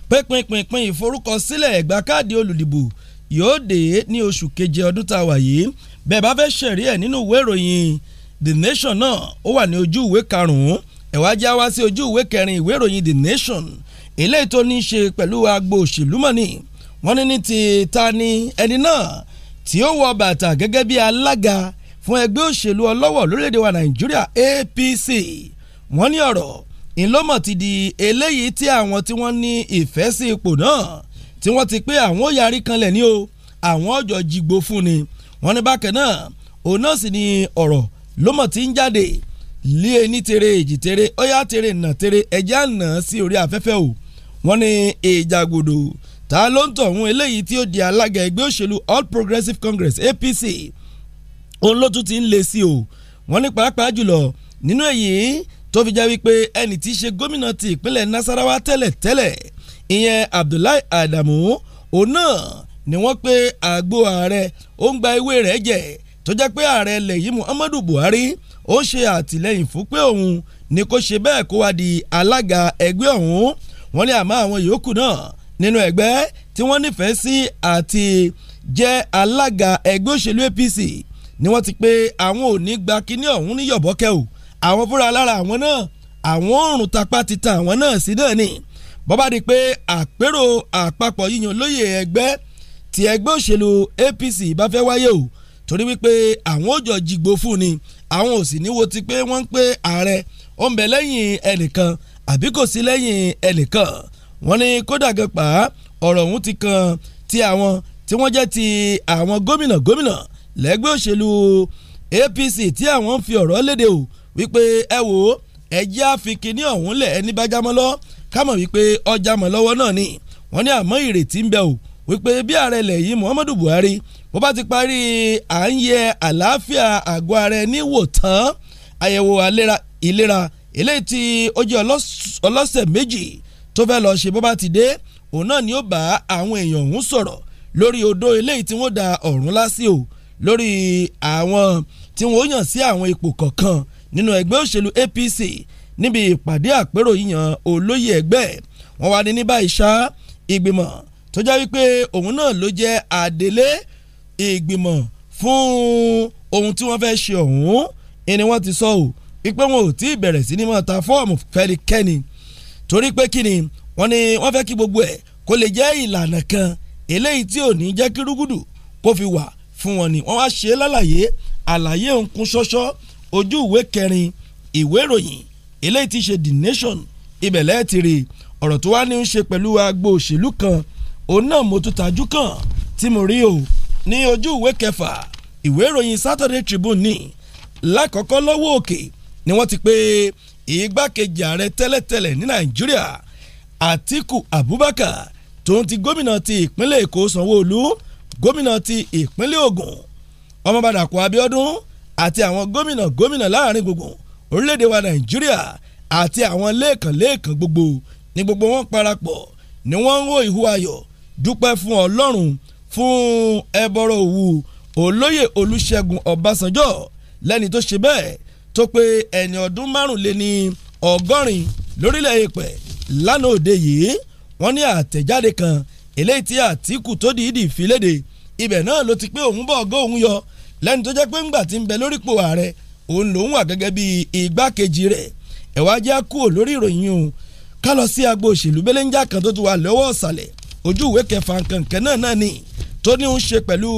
K: pé pinpin ìforúkọsílẹ̀ ẹ̀gbá káàdì olùdìbò yóò dé ní oṣù keje ọdún tá a wà yìí bẹ́ẹ̀ bá fẹ́ ṣẹ̀rí ẹ̀ nínú ìwé ìròyìn the nation náà ó wà ní ojú ìwé karùn-ún ẹ̀wá já wá sí ojú ìwé kẹrin ìwé ìròyìn the nation eléyìí tó ní í ṣe pẹ̀lú agbo òṣèlú mọ̀nì wọ́n ní ní ti ta ni ẹni náà tí ó wọ bàtà gẹ́gẹ́ bí alága fún ẹgbẹ́ òṣèlú ọlọ́wọ̀ lórílẹ̀‐èdè wa nàìjíríà APC wọ́n ní ọ̀rọ̀ ìlọ́mọ̀ ti di eléyìí tí àwọn tí wọ́n ní ìfẹ́ sí ipò náà tí wọ́n ti pé àwọn ó yarí kanlẹ̀ ní o àwọn ọjọ́ jìgbó fún ni wọ́n ní bákan náà òun náà sì ni ọ̀rọ̀ lọ́mọ̀ ti ń jáde lé e ní tere èjì tere ọ̀yá tere nà tere ẹ̀jẹ̀ àná sí orí afẹ́fẹ́ o wọ́n ní ìjàgòdò ta ló ń tọ̀hún eléyìí tí ó di alága ẹgbẹ́ òṣèlú All Progressives Congress APC òun ló tún ti ń le sí o wọ́n ní pàápàá jùlọ nínú èyí tó fi jẹ́ wípé ẹnì tí í ṣe gómìnà ti ìpínlẹ̀ Nasarawa tẹ́lẹ̀tẹ́lẹ̀ ìyẹn Abdullahi Adamu òun náà ni wọ́n pe àgbo ààrẹ ó ń gba ewé rẹ̀ jẹ tó jẹ́ pé ààrẹ ilẹ̀ yìí Muhammadu Buhari ó ń ṣe àtìlẹ́yìn fún pé òun ni kò ṣe bẹ́ẹ̀ kó wá di alága ẹgbẹ́ ọ̀hún wọ́n ní àmọ́ àwọn yòókù náà nínú ẹgbẹ́ tí wọ́n nífẹ̀ẹ́ sí àti jẹ́ alága ẹgbẹ́ òṣèlú APC ni wọ́n ti pé àwọn ò ní gba kíní ọ̀hún ní yọ̀bọ́kẹ́ o àwọn fúnra lára àwọn náà àwọn òrùn tapá ti tan àwọn náà sí náà ni bọ́bá di pé àpérò àpapọ̀ yíyan lóye ẹgbẹ́ ti ẹgbẹ́ òṣèlú APC bá fẹ́ wáyé o torí wípé àwọn òjò jìgbó fún ni àwọn ò sì ní wo ti pé wọ́n ń pé ààrẹ ó ń bẹ lẹ́yìn ẹnìkan àbí kò sí lẹ́yìn ẹnìkan wọ́n ní kódà gan pa ọ̀rọ̀ ọ̀hún ti kan ti àwọn tí wọ́n jẹ́ ti àwọn gómìnà gómìnà lẹ́gbẹ́ òṣèlú APC tí àwọn fi ọ̀rọ̀ léde o wípé ẹ wò ó ẹjẹ́ àfikíní ọ̀hún lẹ̀ ẹni bá jámọ́ lọ kámọ̀ wípé ọjà mọ̀ lọ́wọ́ náà ni wọ́n ní àmọ́ ìrètí ń bẹ o wípé bí ààrẹ ilẹ̀ yìí Muhammadu Buhari bó bá ti parí à ń yẹ àlàáfíà àgọ́ ààrẹ níwò tán àyẹ̀wò ìlera eléyìí tí ó jẹ́ ọlọ́sẹ̀ méjì tó fẹ́ lọ ṣe bó bá ti dé òun náà ni ó bá àwọn èèyàn òun sọ̀rọ̀ lórí odó eléyìí tí wọ́n da ọ̀run lásì lórí àwọn tí wọ́n yàn sí àwọn ipò kọ̀ọ̀kan nínú ẹgbẹ́ òṣèlú APC níbi ìpàdé àpérò yíyan olóyè ẹgbẹ́ wọn wá ní ní báyìí ṣá ìgbìmọ̀ tó jẹ́ wípé òun náà ló jẹ́ adelé ìgbìmọ̀ fún ohun tí wọ́n fẹ́ ṣe ọ̀hún ni wọ́n ti sọ ò wípé wọn ò tí ì bẹ̀rẹ̀ sí ní máa ta fọ́ọ̀mù fẹ́nikẹ́ni torí pé kí ni wọ́n ní wọ́n fẹ́ kí gbogbo ẹ̀ kó lè jẹ́ ìlànà kan eléyìí tí ò ní jẹ́ kí rúgùdù kó fi wà fún wọn ni wọ́n wá ṣe lálàyé àlàyé òǹkun ṣọ́ṣọ́ ojú ìwé kẹrin ìwé ìròyìn eléyìí ti ṣe the nation ibẹ̀ lẹ́ẹ̀ ti rí ọ̀rọ̀ tó wá ní í ṣe pẹ̀lú agbo òṣèlú kan òun náà mo tún tajú kàn tí mo rí o ní ojú ìwé kẹfà ìwé ìròyìn Saturday Tribune ní lákọ̀ọ́kọ́ lọ́wọ́ òkè ni wọ́n ti pé igbákejì ààrẹ tẹ́lẹ̀tẹ́lẹ̀ ní Nàìjíríà Àtíkù Abubakar tó ń ti gómìnà ti ìpínlẹ̀ Èkó Sanwó-Olú gómìnà ti ìpínlẹ̀ Ògùn Ọmọba Dàpọ̀ Abíọ́dún àti àwọn gómìnà gómìnà láàrin gbogbo orílẹ̀-èdè wa Nàìjíríà àti àwọn lẹ́ẹ̀kan gbogbo ni gbogbo wọn parapọ̀ ni wọ́n ń hó ìhú ayọ̀ dúpẹ́ fún Ọlọ́run fún ẹbọrọ òwú olóyè Olúṣẹ́gun Ọbásanjọ́ lẹ́ni tó ṣe bẹ́ẹ̀ tó pé ẹni ọdún márùnléní ọgọ́rin lórílẹ̀ èpẹ̀ lánàá òde yìí wọ́n ní àtẹ̀jáde kan eléyìí tí Àtíkù tó dìídì fi léde ibẹ̀ náà ló ti pé òun bọ̀ ọgọ́ òun yọ lẹ́nu tó jẹ́ pé ńgbà tí ń bẹ lórípò ààrẹ òun lòun wà gẹ́gẹ́ bí igbákejì rẹ̀ ẹ̀wá jẹ́ kúò lórí ìròyìn òun ká lọ sí agbo òṣèlú belenja kan tó ti wà lọ́wọ́ ọ̀sàlẹ̀ ojú ìwé kẹfà kankan náà náà ni tó ní ń ṣe pẹ̀lú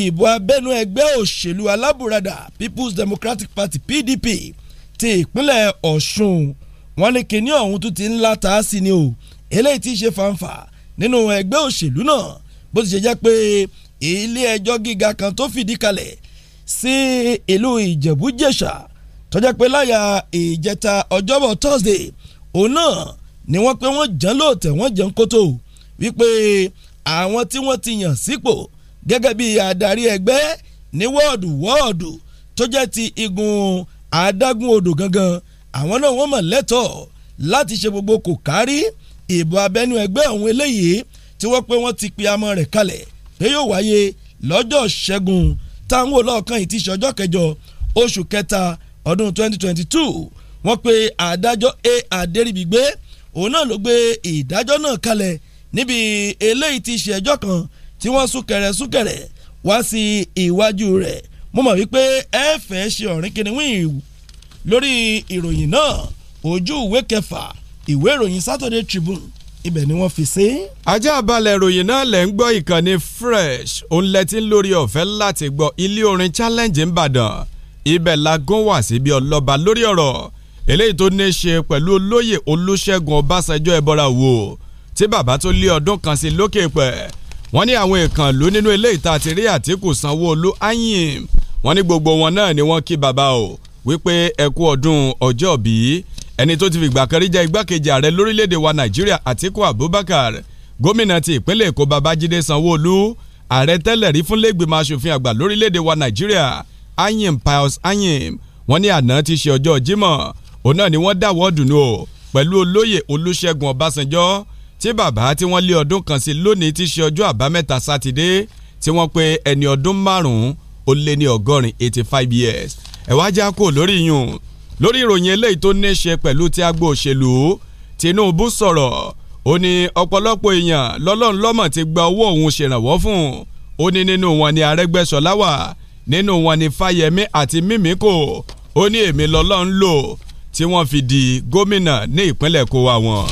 K: ìbò abẹ́nú ẹgbẹ́ òṣèlú alábùradà People's Democratic Party PDP ti ìpínlẹ̀ Ọ̀ṣun wọn ní kinní ọ̀hún tún ti ń láta sí ni o eléyìí ti ṣe fanfa nínú ẹgbẹ́ òṣèlú náà bó ti ṣe jẹ́ pé ilé ẹjọ́ gíga kan tó fìdí kalẹ̀ sí ìlú ìjẹ̀bú-jẹ̀ṣà pé láyà ìjẹta ọjọ́bọ̀ Thursday òun náà ni wọ́n pé wọ́n jẹ́ lóòtẹ̀ wọ́n jẹ́ ń kótó wípé àwọn tí wọ́n ti yàn sípò gẹ́gẹ́ bí adarí ẹgbẹ́ ní wọ́ọ̀dù wọ́ọ̀dù tó jẹ́ ti igun adágún odò gangan àwọn náà wọ́n mọ̀ lẹ́tọ̀ọ́ láti ṣe gbogbo kò kárí ìbò abẹ́nú ẹgbẹ́ ọ̀hún eléyìí tí wọ́n pé wọ́n ti pe amọ̀ rẹ̀ kalẹ̀ pé yóò wáyé lọ́jọ́ ṣẹ́gun táwọn olóòkan yìí ti ṣe ọjọ́ kẹjọ oṣù kẹta ọdún 2022 wọ́n pe adájọ́ a adẹ́rìbígbé òun náà ló gbé ìdájọ́ náà kalẹ̀ níbi eléyìí ti ṣe ẹjọ́ kan tí wọ́n súnkẹrẹ súnkẹrẹ wá sí iwájú rẹ̀ mo mọ̀ wípé ẹ fẹ́ ṣe ọ̀rìn kìnìún lórí ìròyìn náà ojú ìwé kẹfà ìwé ìròyìn Saturday Tribune ibẹ̀
A: ni wọ́n fi sí. ajá balẹ̀ ìròyìn náà lẹ̀ ń gbọ́ ìkànnì fresh òun lẹ ti lórí ọ̀fẹ́ láti gbọ́ ilé orin challenge ńbàdàn ibẹ̀ la gún wá síbi ọlọ́ba lórí ọ̀rọ̀ eléyìí tó ní í ṣe pẹ̀lú olóyè olúṣẹ́gun ọbásanjọ́ ẹ̀bọra wò tí bàbá tó lé ọdún kan sí lókè pẹ̀ wọ́n ní àwọn ìkànnì nínú ilé ìta àti rí àtìkù sanwó-olú ayim wọ́n ní gbogbo wọn náà ni wọ́n kí bàbá o wípé ẹ ọdún ọjọ́ bíi ẹni tó ti fìgbà kan rí jẹ́ igbákejì ààrẹ lórílẹ̀‐èdè wa nàìjíríà àtíkù abubakar gómìnà ti ìpínlẹ̀ èkó babájídé sanwó-olú ààrẹ tẹ́lẹ̀ rí fún lẹ́gbẹ̀mọ asòfin àgbà lórílẹ̀‐èdè wa nàìjíríà anyim pius anyim wọ́n ní àná ti ṣe ọjọ́ jímọ̀ òun náà ni wọ́n dáwọ́ dùnú o pẹ̀lú olóyè olúṣẹ́gun ọbásanjọ́ tí bàbá tí wọ́n lé ọdún kan sí lónìí ti ṣe ọjọ́ àbámẹ́ta sátidé tí wọ́n pe ẹni ọdún márùn-ún ó lé ní ọgọ́rin eighty five years ẹ̀ wá já kó lórí yùn lórí ìròyìn eléyìí tó ní ṣe pẹ̀lú ti agbo òṣèlú Tinubu sọ̀rọ̀ ó ní ọ̀pọ̀lọpọ̀ èèyàn lọ́lọ́run lọ́mọ̀ ti gba owó òun ṣèrànwọ́ fún ó ní nínú wọn ni Arẹ́gbẹ́ṣọlá wà nínú wọn ni Fáyẹmí àti Mímíkò ó ní èmi lọ́lọ́run lò tí wọ́n fi di gómìnà ní ìpínlẹ̀ kó wa wọn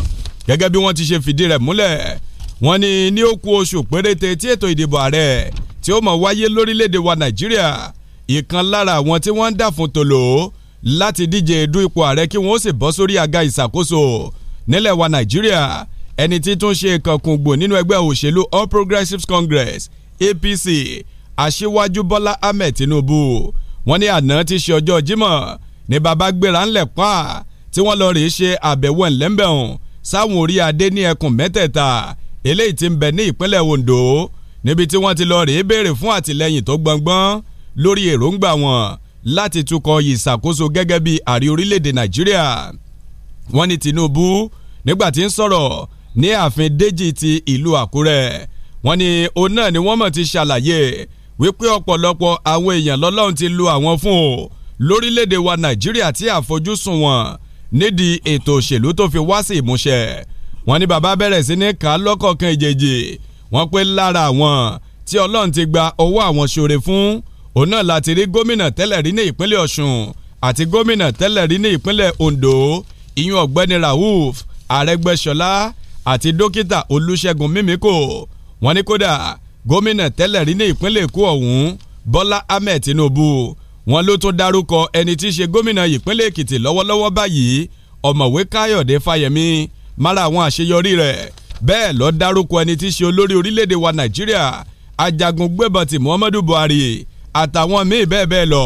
A: gẹ́gẹ́ bí wọ́n ti ṣe fìdí rẹ̀ múlẹ̀ wọ́n ní ní ó kù oṣù péréte tí ètò ìdìbò ààrẹ tí ó máa wáyé lórílẹ̀‐èdè wa Nàìjíríà ìkan lára àwọn tí wọ́n ń dà fún tòlòó láti díje du ipò ààrẹ kí wọ́n sì bọ́ sórí àga ìṣàkóso nílẹ̀ wa nàìjíríà ẹni tí tún ṣe kankungbò nínú ẹgbẹ́ òṣèlú All Progressives Congress APC aṣíwájú Bọ́lá Ahmed Tinubu wọ́n ní àná ti ṣe ọjọ́ Jímọ̀ ní baba gbéra ńlẹ̀ pa tí wọ́n lọ rèé ṣe àbẹ̀wò ńlẹ́mbẹ̀hùn sáwọn orí adé ní ẹkùn mẹ́tẹ̀ẹ̀ta eléyìí ti ń bẹ ní ìpínlẹ̀ Ondo níbi tí wọ́n ti lọ rèé béèrè fún àtìlẹ́yìn tó gbọngbọ́n lórí èròǹgbà wọn láti tukọ̀ ìṣàkóso gẹ́gẹ́ bí ààrẹ orílẹ̀-èdè nàìjíríà wọ́n ní tinubu nígbà tí ń sọ̀rọ̀ ní ààfin dèjì ti ìlú àkúrẹ́ wọ́n ní òun náà ni wọ́n mọ̀ ti ṣàlàyé wípé ọ̀pọ̀lọpọ̀ àwọn èèyàn lọ́lọ́run ti lu àwọn fún o lórílẹ̀-èdè wa nàìjíríà tí àfojúsùn wọn nídìí ètò òṣèlú tó fi wá sí ìmúṣẹ wọ́n ní bàbá bẹ̀rẹ̀ sí ní kà lọ́kọ̀ọ̀kan ìjèjì wọ́n pé lára àwọn tí ọlọ́run ti gba owó àwọn ṣoore fún òun náà láti rí gómìnà tẹ́lẹ̀ rí ní ìpínlẹ̀ Ọ̀ṣun àti gómìnà tẹ́lẹ̀ rí ní ìpínlẹ̀ Ondo ìyún ọ̀gbẹ́ni Rauf Arẹ́gbẹ́ṣọlá àti dókítà Olúṣẹ́gun Mímíkò wọ́n ní kódà gómìnà tẹ́lẹ̀ rí ní ìpínlẹ̀ Èkó ọ̀hún Bọ́lá Ahmed Tinubu wọ́n ló tún dárúkọ ẹni tí í ṣe gómìnà ìpínlẹ̀ Èkìtì lọ́wọ́lọ́wọ́ báyìí ọ̀mọ̀wé Káyọ̀dé Fáyẹmí mára àwọn àṣeyọrí rẹ̀ bẹ́ẹ̀ ló dárúkọ ẹni tí í ṣe olórí orílẹ̀-èdè wa Nàìjíríà ajagun gbébọn ti Muhammadu Buhari àtàwọn míì bẹ́ẹ̀ bẹ́ẹ̀ lọ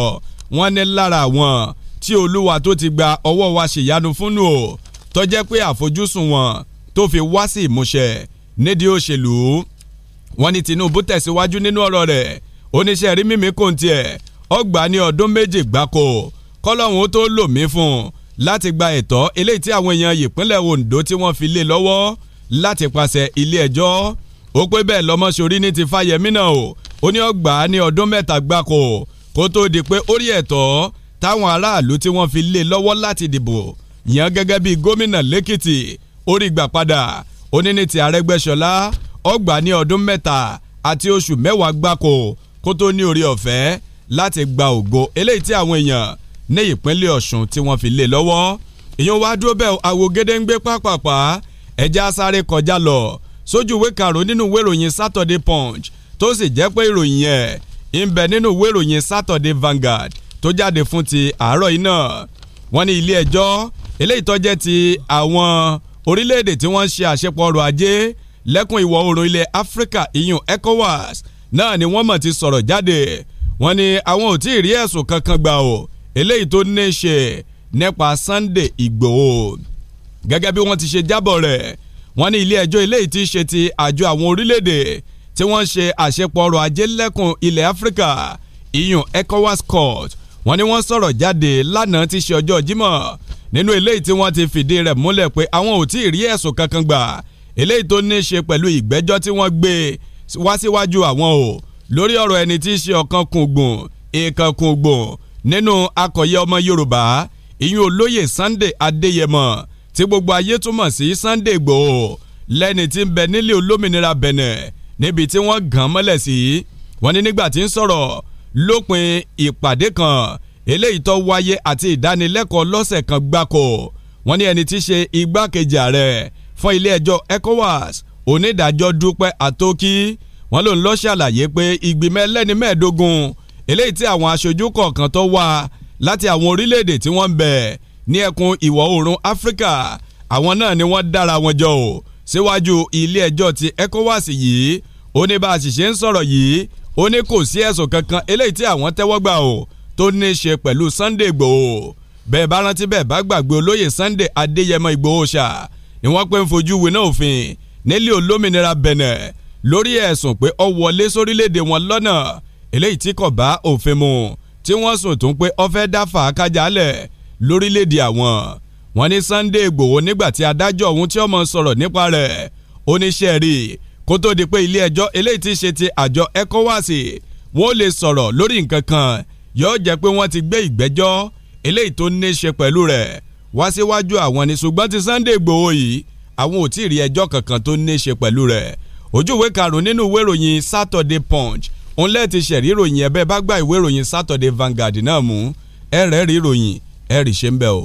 A: wọ́n ní lára wọn tí olúwa tó ti gba ọwọ́ wa ṣèyanu fúnnú o tó jẹ́ pé àfojúsùn wọn tó fi wá sí ìmúṣẹ nídìí òṣèlú wọ́n ní Tinubu tẹ̀síwájú nínú ọ̀rọ̀ rẹ̀ oníṣẹ́ rí mímí kò ń tiẹ̀ ọgbà ní ọdún méje gbáko kọ́lọ́hún tó lò mí fún un láti gba ẹ̀tọ́ eléyìí tí àwọn èèyàn ìpínlẹ̀ Ondo tí wọ́n fi lé lọ́wọ́ láti pàṣẹ ilé ẹjọ́ e ó pé bẹ́ẹ̀ lọ́mọ́sórí ní ti Fáyẹmí náà o ó ní ọgbà ní ọdún mẹ́ta gbáko kó tó di pé ó rí ẹ̀tọ́ táwọn aráàlú tí wọ́n fi lé lọ́wọ́ láti dìbò yàn gẹ́gẹ́ bí gómìnà lẹ́kìtì ó rí gbà padà ó ní ní ti Arẹ́gbẹ́ṣọlá ọgbà ní ọdún mẹ́ta àti oṣù mẹ́wàá gbáko kó tó ní orí ọ̀fẹ́ láti gba ògo eléyìí tí àwọn èèyàn ní ìpínlẹ̀ Ọ̀ṣun tí wọ́n fi lé lọ́wọ́ ìyẹn dúró bẹ́ẹ̀ àwògede ń pápápá ẹja sáré kọjá lọ sójú ìwé karùn-ún nínú ìwé ìròyìn Saturday Punch tó sì jẹ́ pé ìròyìn yẹn ń bẹ nínú ìwé ìròyìn Saturday Vanguard tó jáde fún ti àárọ̀ yìí náà wọ́n ní ilé ẹjọ́ eléyìí tó jẹ́ ti àwọn orílẹ̀-èdè tí wọ́n ń ṣe àṣepọ̀ ọrọ̀ ajé lẹ́kùn ìwọ̀ oòrùn ilẹ̀ Áfíríkà ìyún ECOWAS náà ni wọ́n mọ̀ ti sọ̀rọ̀ jáde wọ́n ní àwọn ò tí ì rí ẹ̀sùn kankan gbà o eléyìí tó ní í ṣe nípa Sunday Ìgbòho gẹ́gẹ́ bí wọ́n ti ṣe jábọ̀ rẹ̀ wọ́n ní ilé ẹjọ́ ilé yìí ti ṣe ti àjọ àwọn orílẹ̀-èdè tí wọ́n ń ṣe àṣepọ̀ ọrọ̀ ajé lẹ́kùn ilẹ̀ Áfíríkà iyùn ECOWAS court wọ́n ní wọ́n sọ̀rọ̀ jáde lánàá ti ṣe ọjọ́ Jímọ̀ nínú eléyìí tí wọ́n ti fìdí rẹ̀ múlẹ̀ pé àwọn ò tí ì rí ẹ̀sùn kankan gbà eléyìí tó ní í ṣe pẹ̀lú ìgbẹ́jọ́ tí wọ́n gbé wá síwájú àwọn o lórí ọ̀rọ̀ ẹni tí ṣe ọ̀kan kùngbùn èèkàn kùngbùn nínú akọ̀yẹ ọmọ Yorùbá ìyún olóyè Sunday Adéyẹmọ tí gbogbo ayé túmọ̀ sí Sunday Igboho lẹ́ni tí ń bẹ nílé olómìnira Benin níbi tí wọ́n gàn mọ́lẹ̀ sí wọ́n ní nígbà tí ń sọ̀rọ̀ lópin ìpàdé kan eléyìí tó wáyé àti ìdánilẹ́kọ̀ọ́ lọ́sẹ̀ kan gbáko wọ́n ní ẹni tí í ṣe igbákejì ààrẹ fún ilé ẹjọ́ ECOWAS onídàájọ́ Dúpẹ́ Àtòkí wọ́n lòun lọ ṣàlàyé pé ìgbìmọ̀ ẹlẹ́ni mẹ́ẹ̀ẹ́dógún eléyìí tí àwọn aṣojú kọ̀ọ̀kan tó wà láti àwọn orílẹ̀-èdè tí wọ́n ń bẹ̀ẹ́ ní ẹkùn ìwọ̀ oòrùn áfíríkà àwọn náà ni wọ́n dára wọn jọ o síwájú ilé ẹjọ́ ti ECOWAS yìí ó ní bá a sì ṣe ń sọ̀rọ̀ yìí ó ní kò sí ẹ̀sùn kankan eléyìí tí àwọn tẹ́wọ́ gbà o tó ní í ṣe pẹ̀lú Sunday Igboho bẹ́ẹ̀ bá rántí bẹ́ẹ̀ bá gbàgbé olóyè Sunday Adéyẹmọ Igboho ṣá ni wọ́n pé ń fojú winá òfin nílé olómìnira Benin lórí ẹ̀sùn pé ó wọlé sórílẹ̀ wọn lọ́nà eléyìí tí kò bá òfin mu tí wọ́n sùn tún pé ó fẹ́ dá fàákàjà lẹ̀ lórílẹ̀‐èdè àwọn wọ́n ní Sunday Ìgbòho nígbà tí adájọ́ ọ̀hún tí ọmọ sọ̀rọ̀ nípa rẹ̀ oníṣẹ́ rí kó tó di pé ilé ẹjọ́ eléyìí ti ṣe ti àjọ ECOWAS wọ́n lè sọ̀rọ̀ lórí nǹkan kan yóò jẹ́ pé wọ́n ti gbé ìgbẹ́jọ́ eléyìí tó ní ṣe pẹ̀lú rẹ̀ wá síwájú àwọn ni ṣùgbọ́n ti Sunday Ìgbòho yìí àwọn ò tí ì rí ẹjọ́ kankan tó ní ṣe pẹ̀lú rẹ̀ ojú ìwé karùn-ún nínú ìwé ìròyìn Saturday Punch òun lẹ́ẹ̀ ti ṣẹ̀rí ìròyìn ẹ̀bẹ́ bá gba ìwé ìròyìn Saturday Vanguard náà mú ẹ̀rẹ́ rí ìròyìn ẹ rí ṣe ń bẹ o.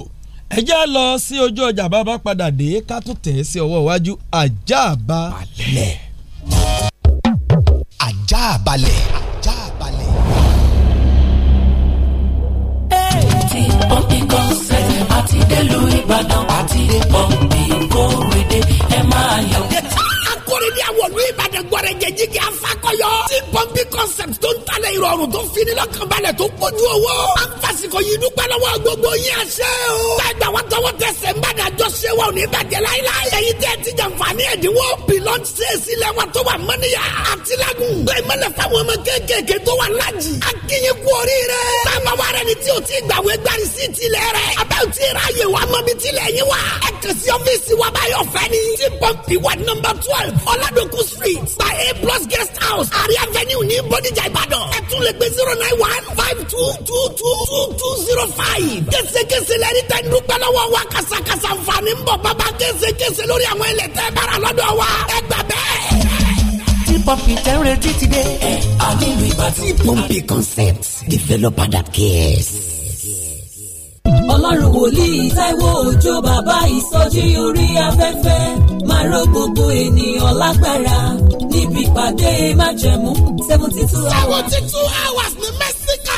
A: ẹ já lọ sí ojú ọjà bàbá padà dé ká tún tẹ̀ sí ọwọ́ iwájú ajá
K: balẹ̀. ajá balẹ̀. ajá
F: balẹ̀. ti pọ́ǹpì concept
I: àti délùú Ìbàdàn àti pọ́ǹpì kórèdè ẹ máa yọ̀ lórí ní àwọn olú ìbàdàn gbọ́dọ̀ jẹ̀jì kí afakọyọ. tí pọ́ńpì concept tó ń talẹ̀ ìrọ̀rùn tó fini lọ́kànbalẹ̀ tó kojú owó. a ń fasikọ yìí dúpẹ́ lọ́wọ́ gbogbo yín àṣẹ o. gbàgbà wọn tọwọ́ tẹsẹ̀ ń bàdàn jọ ṣe wa ò ní bàjẹ́ láíláí. ẹ̀yin tẹ́ ti jàǹfààní ẹ̀dínwó pilọ́t ṣèṣì lẹ́wà tó wà mọ́níyà àtìlágùn. bẹ́ẹ̀ mẹ́lẹ̀ fáwọn ọmọ kéékèèké tó wà ọ̀làdọ̀kù street by a plus guest house àrí avenue ní bọ́díjà ìbàdàn ẹ tún lè gbé zero nine one five two two two two two zero five késekése lẹ́ni tẹ́ ń dúpẹ́ lọ́wọ́ wa kàṣàkàṣà nfààní ń bọ̀ bàbá késekése lórí àwọn ilẹ̀ tẹ́ bára lọ́dọ̀ wa ẹ gbà
D: bẹ́ẹ̀ pọ́ǹpì tẹ́ ń retí ti dé. ẹ a nílùú ìbàdàn. tí pọ́ǹpì concept developer that cares ọlọ́run wòlíì táíwò òjò bàbá ìsọjí orí afẹ́fẹ́ máa ró gbogbo ènìyàn lágbára
I: níbi ìpàdé májẹ̀mú seventy two hours. seventy two hours ní mẹ́síkà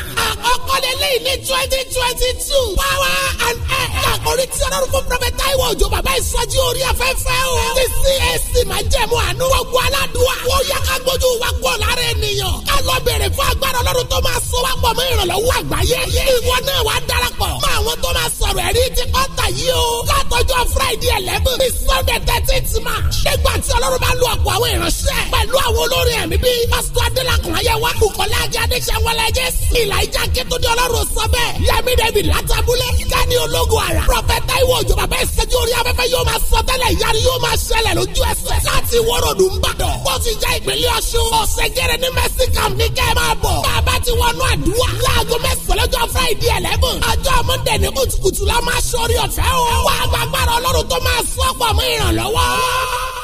I: ọkọ̀lélẹ́yìn ní twenty twenty two power and air. àkórí tí ọlọ́run fún pẹ̀lú táíwò òjò bàbá ìsọjí orí afẹ́fẹ́ o. ti CAC májẹ̀mú àánú gbogbo aládùúwà. ó yá ká gbójú wa kó lára ènìyàn. ká lọ bèrè fún agbára ọlọ́run tó máa so wa pọ̀ mọ́ ìrànlọ́wọ́ àgbáyé. ìwọ náà wà sọ̀rọ̀ ẹ̀rí ti kọ́ta yìí o. látọjọ́ friday eleven bíi sunday thirteenth march. nígbà tí ọlọ́run bá lu ọ̀pọ̀ àwọn ìránṣẹ́ pẹ̀lú àwọn olórin ẹ̀mí bíi pásítọ̀ ayé wa kù kọ́lá ajé adéṣẹ́wọlé jésù. ìlàjà kẹ́tọ́dé ọlọ́run sọ bẹ́ẹ̀. yẹmi dẹbi látàbúlẹ̀ kání ológun ara. prọfẹ̀tà ìwọ ìjọba bẹ́ẹ̀ sẹ́jú orí afẹ́fẹ́ yóò máa sọ tẹ́lẹ̀ yari yóò máa ṣẹlẹ̀ lójú ẹsẹ̀. láti wọ́rọ̀dù ń bàdàn. bó ti já ìpínlẹ̀ ọ̀ṣun. ọ̀sẹ̀ gẹ́rẹ́ ní mẹ́síkàn ní kẹ́ ẹ máa bọ̀. bàbá ti wọnú àdúrà. láago mẹ́sàn-án lọ́jọ́ friday eleven. ọjọ́ monday ní kùtùkùtù la máa ṣorí ọ̀fẹ́ o. wàá gbàgbára ọlọ́run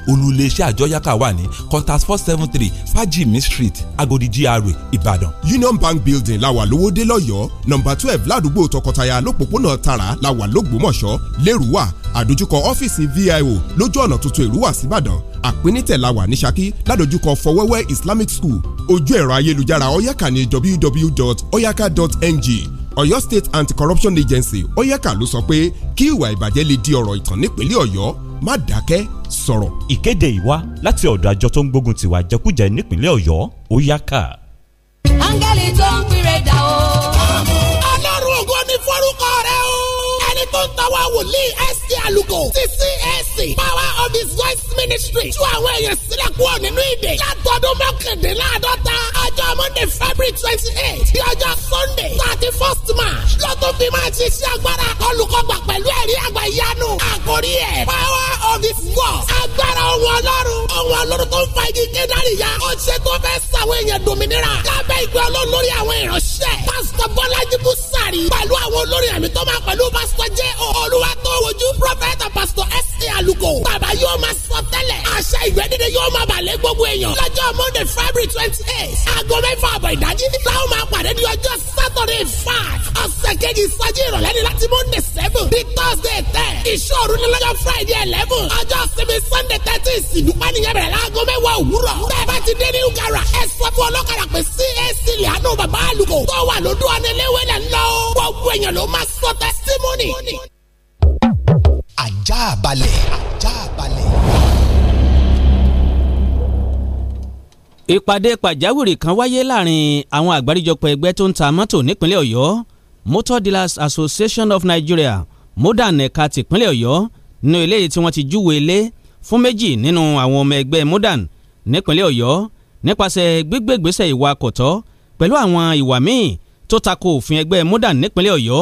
H: olùléṣẹ́ àjọyàká wà ní contact four seven three fajimi street agodi gra ìbàdàn. union bank building làwà lówódé lọ́yọ́ọ́ nọ́mbà twelve ládùúgbò tọkọtaya lọ́pọ̀pọ̀nà tara làwà lógbómọ̀ṣọ́ lẹ́rùwà àdójúkọ ọ́fíìsì vio lójú ọ̀nà tuntun ìrúwà síbàdàn àpínítẹ̀ làwà ní ṣakí ládójúkọ fọwẹ́wẹ́ islamic school ojú ẹ̀rọ ayélujára oyaka ní www.oyaka.ng Ọ̀yọ́ State Anti-Corruption Agency oyaka ló sọ pé kí ìwà ìbàjẹ́ lè di ọ̀rọ̀ ìtàn nípínlẹ̀ Ọ̀yọ́ má dákẹ́ sọ̀rọ̀.
F: Ìkéde ìwá láti ọ̀dọ̀ àjọ tó ń gbógun tiwa jẹkújẹ nípínlẹ̀ Ọ̀yọ́ oyaka.
I: áńgẹ́lì tó ń pèrè dà o. Ọlọ́run ògo ni forúkọ rẹ o. ẹni tó ń tọwọ́ wòlíì ẹ̀sìn àlùkò ti CAC power of his voice ministry tú àwọn èèyàn sílẹ̀ kúrò nínú ìdè látọdún mọ́kàndínláàdọ́ta ọjọ́ Monday February twenty eight smash lọ́tọ́ fi máa ṣe sí agbára olùkọ́gbà pẹ̀lú ẹ̀rí àgbà ìyanu àkórí ẹ̀ power of the force agbára ohun ọlọ́run ohun ọlọ́run tó ń fa igi kédárì ya ọ̀ṣẹ́ tó fẹ́ sàwọn èèyàn dominira lábẹ́ ìgbé ọlọ́run lórí àwọn ìránṣẹ́ pásítọ̀ bọ́lájí búsàrì pẹ̀lú àwọn olórí ẹ̀mí tó máa pẹ̀lú pásítọ̀ jẹ́ olúwa tó wojú prọfẹ̀tà pásítọ̀ ẹ̀sìn àlùkò iṣẹ́ ìgbẹ́díde yóò máa bà lé gbogbo èèyàn. lọ́jọ́ monday february twenty eight aago mẹ́fà àbọ̀ ìdájí láwọn máa pàdé ní ọjọ́ saturday five ọ̀sẹ̀ kejì ìsọjí ìrọ̀lẹ́ ni láti monday seven bí thursday ten ìṣòro ní lọ́jọ́ friday eleven ọjọ́ sinmi sunday thirty ìsìndúpá nìyẹn bẹ̀rẹ̀ láago mẹ́wàá òwúrọ̀. bẹ́ẹ̀ bá ti dé ní ugara ẹ sọ fún ọlọ́kadà pé cac lẹ́hànú bàbá àlùkò tó wà lódú ọ̀nẹ́lẹ́wẹ̀ náà lọ. gbogbo èèyàn ló máa sọ testimony.
F: ajá balẹ̀ ajá balẹ̀.
L: ìpàdé pàjáwìrì kan wáyé láàrin àwọn àgbáríjọpọ̀ ẹgbẹ́ tó ń ta mọ́tò nípínlẹ̀ ọ̀yọ́ motor dealers association of nigeria modan ẹ̀ka tìpínlẹ̀ ọ̀yọ́ nínú eléyìí tí wọ́n ti júwe ilé fún méjì nínú àwọn ọmọ ẹgbẹ́ modan nípínlẹ̀ ọ̀yọ́ nípasẹ̀ gbígbégbèsè ìwà kọ̀tọ́ pẹ̀lú àwọn ìwà míì tó tako òfin ẹgbẹ́ modan nípínlẹ̀ ọ̀yọ́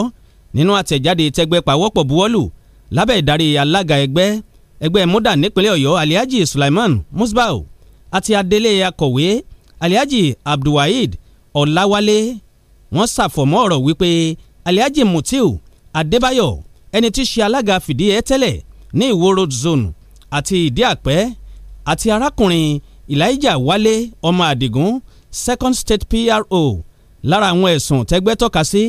L: nínú àtẹ̀jáde tẹgbẹ́ pàwọ́pọ̀ buwọ́lù lábẹ́ ìdarí alága ẹgbẹ́ ẹgbẹ́ modern nípínlẹ̀ ọ̀yọ́ alihaji sulaiman musbau àti adelé akọ̀wé alihaji abdulwaheed ọ̀làwálé wọ́n ṣàfọ̀mọ́ ọ̀rọ̀ wípé alihaji mutiu adébáyọ̀ ẹni tí í ṣe alága fìdí ẹ tẹ́lẹ̀ ní ìwó road zone àti ìdí àpẹ́ àti arákùnrin elijah wálé ọmọ àdìgún second state pro lára àwọn ẹ̀sùn tẹ́gbẹ́ tọ́ka sí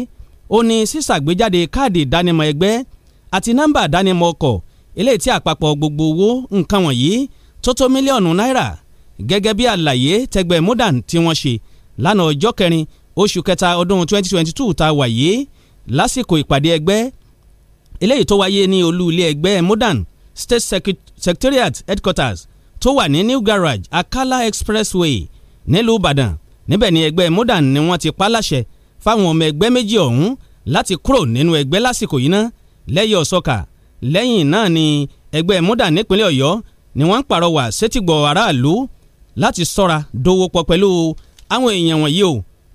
L: ó ní sísàgbéjáde káàdì ìdánimọ̀ ẹgbẹ́ àti nọ́mbà ìdánimọ̀ ọkọ̀ eléyìí tí àpapọ̀ gbogbo owó nǹkan wọ̀nyí tó tó mílíọ̀nù náírà gẹ́gẹ́ bí àlàyé tẹgbẹ́ modern tí wọ́n ṣe lánàá ọjọ́ kẹrin oṣù kẹta ọdún 2022 tá a wà yìí lásìkò ìpàdé ẹgbẹ́ eléyìí tó wáyé ní olú ilé ẹgbẹ́ modern state secretariat headquarters tó wà ní new garage akala expressway nílùú ìbàdàn níbẹ̀ ni ẹgbẹ́ modern ni wọ́n ti pa láṣẹ fáwọn ọmọ ẹgbẹ́ méjì ọ̀hún láti kúrò nínú ẹgbẹ́ lásìkò yìí ná lẹ́yìn ọ̀sọ́kà lẹ́yìn náà ni ẹgbẹ́ modern nípínlẹ̀ ọ̀yọ́ ni wọ́n ń pàrọwà sétígbọ̀ aráàlú láti sọ́ra dówó pọ̀ pẹ̀lú àwọn èèyàn wọ̀nyí o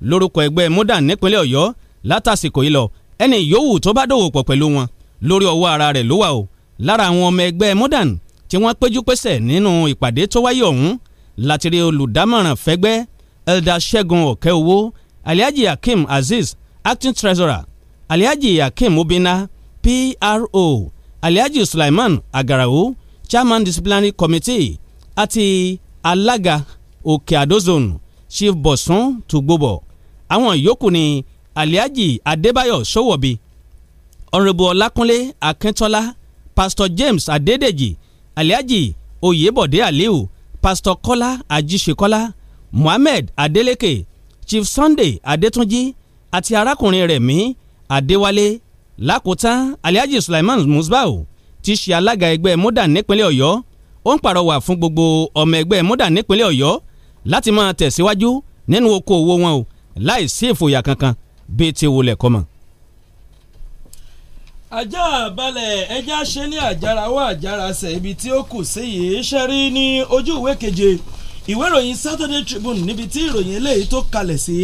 L: lórúkọ ẹgbẹ́ modan nípínlẹ̀ ọ̀yọ́ látàsìkò yìí lọ ẹni yòówù tó bá dòwò pọ̀ pẹ̀lú wọn lórí ọwọ́ ara rẹ̀ ló wà o lára àwọn ọmọ ẹgbẹ́ modan tí wọ́n péjú pésẹ̀ nínú ìpàdé tó wáyé ọ̀hún láti rí olùdámọ̀ràn fẹ́gbẹ́ elda ṣẹ́gun ọ̀kẹ́owó aliaji hakeem Aziz acting treasurer aliaji hakeem obinna pro aliaji sulaiman agarawo chairman disciplinary committee àti alága òkè àdó zone chief bọ̀sán tùgbòbọ̀ àwọn yòókù ni aliaji adébáyọ̀ sọ́wọ́bi ọ̀rẹ́bù ọlákúnlé akíntọ́lá pastor james adédèjì aliaji oyèbọ̀dé aliu pastor kọ́lá ajíṣekọ́lá mohammed adeleke chief sunday adétúnjì àti arákùnrin rẹ̀ mí adéwálé lákòótán aliaji sulaiman musbau ti ṣe alága ẹgbẹ́ modan nípínlẹ̀ ọ̀yọ́ ó ń pàrọwà fún gbogbo ọmọ ẹgbẹ́ mọ́dà nípínlẹ̀ ọ̀yọ́ láti máa tẹ̀síwájú nínú okòwò wọn o láì sí ìfòyà kankan bíi ti wulẹ̀ kọ́mọ.
K: ajá balẹ̀ ẹja ṣe ní àjára wá àjára sẹ̀ ibi tí ó kù sí yìí ṣe rí ní ojú ìwé keje ìwé ìròyìn Saturday Tribune níbi tí ìròyìn eléyìí tó kalẹ̀ sí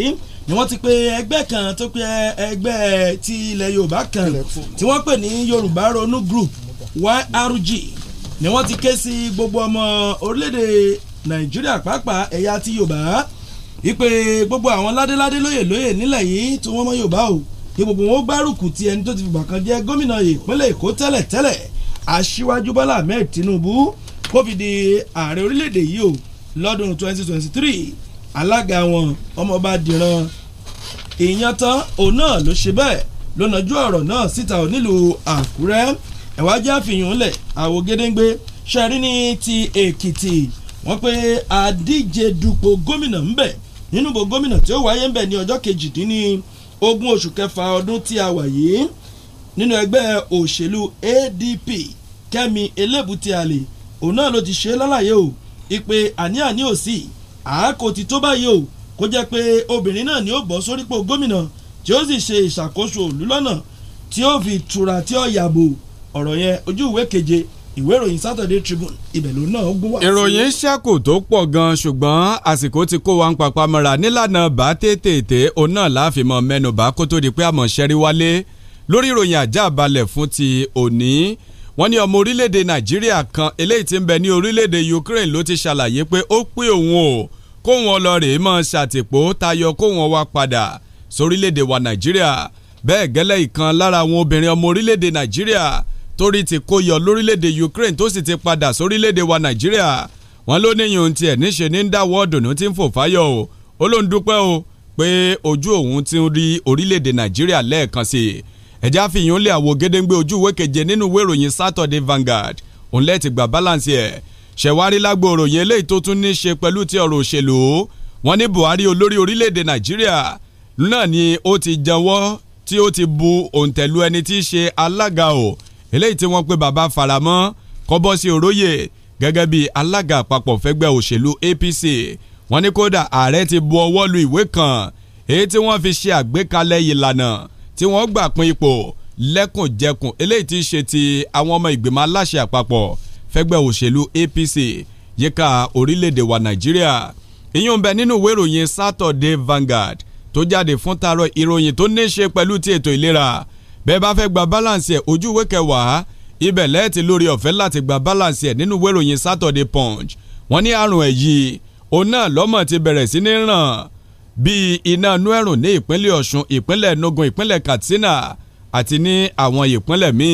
K: ni wọ́n ti pe ẹgbẹ́ kan tó pe ẹgbẹ́ ti ilẹ̀ Yorùbá kan tí wọ́n pè ní Yorùbá Ronú Group YRG ni wọ́n ti ké sí gbogbo ọmọ orílẹ̀-èdè nàìjíríà pàápàá ẹ̀yà ti yorùbá wípé gbogbo àwọn ládéládé lóyè lóyè nílẹ̀ yìí tí wọ́n mọ yorùbá o kí gbogbo wọn ó gbárùkù ti ẹni tó ti fìgbà kan jẹ́ gómìnà ìpínlẹ̀ èkó tẹ́lẹ̀ tẹ́lẹ̀ aṣíwájú bọ́lá ahmed tinubu kó fi di ààrẹ orílẹ̀-èdè yìí o lọ́dún 2023 alága wọn ọmọọba dìran ìyẹn tán òun náà ló ṣe bẹ́ẹ̀ ló nàjú ọ̀rọ̀ náà síta onílùú àkúrẹ́ ẹ̀wá jẹ́ àfihàn lẹ̀ àwò gédéǹgbé ṣẹ́rí ní ti èkìtì wọ́n pé àdíje dupò gómìnà ńbẹ̀ nínú ìbò gómìnà tí ó wáyé ńbẹ̀ ní ọjọ́ kejìdínní ogún oṣù kẹfà ọdún tí a wà yìí nínú ẹgbẹ́ òṣèlú ADP Kẹ́mi Elébùtì Àlè òun náà ló ti ṣe lálàyé o ìpè àní-àní ò sí àákò ti tó báyìí o kó jẹ́ pé obìnrin náà ni ó bọ́ sórípò gómìnà tí ó sì ṣe ìṣàkóso òlú lọ́nà tí ó fi tura tí ó yàbò ọ̀rọ̀ yẹn ojú ìwé keje ìwé ìròyìn Saturday Tribune ibẹ̀ ló náà gbówà.
A: ìròyìn ṣẹ́kù tó pọ̀ gan-an ṣùgbọ́n àsìkò ti kó wa ń papá mọ́ra nílànà bá tètè òun náà láàfin mọ́ mẹ́nubà kó tó di pé àmọ̀ ṣẹ́rí wálé lórí ìròyìn ajá balẹ̀ fún ti òní wọ́n ní ọmọ orílẹ̀-èdè Nàìjíríà kan eléyìí ti ń bẹ ní orílẹ̀-èdè Ukraine ló ti ṣàlàyé pé ó pé òun o kóun ọlọ́rẹ̀ mọ́ ṣàtìpó tayọ kóun wá padà sórílẹ̀-èdè wa Nàìjíríà bẹ́ẹ̀ gẹ́lẹ́ ìkan lára àwọn obìnrin ọmọ orílẹ̀-èdè Nàìjíríà torí ti kó yọ lórílẹ̀‐èdè Ukraine tó sì ti padà sórílẹ̀‐èdè wa Nàìjíríà wọn ló ní yòó tiẹ̀ níṣe ní ń dá wọ́ọ̀dùnú tí ń fò fáyọ̀ o ó ló ń dúpẹ́ o pé ojú òun ti ń rí orílẹ̀‐èdè Nàìjíríà lẹ́ẹ̀kan sí i ẹ̀já fi yín lé àwo gédéǹgbé ojú ìwé keje nínú ìwé ìròyìn Saturday Vanguard òun lẹ́ẹ̀tì gba balance ẹ̀ ṣẹ̀wárí lágbo òròyìn eléyìí tó tún ní ṣe pẹ̀lú ti ọ̀rọ̀ òṣèlú wọn ní Buhari olórí orílẹ̀‐èdè Nàìjíríà náà ni ó ti jẹ́wọ́ tí ó ti bu òǹtẹ̀lú ẹni tí í ṣe alága o eléyìí tí wọ́n pe bàbá faramọ́ kọ́bọ́sí òróyè gẹ́gẹ́ bí alága àpapọ̀ fẹ́gbẹ́ òṣèlú APC wọ́n ní kódà ààrẹ ti bu ọwọ́ lu ìwé kan èyí tí wọ́n fi ṣe àgbékalẹ̀ ìlànà tí wọ́n gbà pín ipò lẹ́kùnjẹkùn eléyìí ti ṣe ti àwọn ọmọ ìgbìmọ̀ aláṣẹ àpapọ̀ fẹ́gbẹ́ òṣèlú APC yíká orílẹ̀-èdè wa Nàìjíríà ìyún bẹ nínú ìwé ìròyìn Saturday Vanguard tó jáde fún taarọ ìròyìn tó ní ṣe pẹ̀lú ti ètò ìlera bẹ́ẹ̀ bá fẹ́ gba balance ẹ̀ ojú ìwé kẹwàá ibẹ̀ lẹ́ẹ̀tì lórí ọ̀fẹ́ láti gba balance ẹ̀ nínú wéròyìn Saturday Punch wọ́n ní àrùn ẹ̀ yìí òun náà lọ́mọ ti bẹ̀rẹ̀ sí ní ràn bíi iná inú ẹ̀rùn ní ìpínlẹ̀ Ọ̀ṣun ìpínlẹ̀ Enugu ìpínlẹ̀ Katsina àti ní àwọn ìpínlẹ̀ míì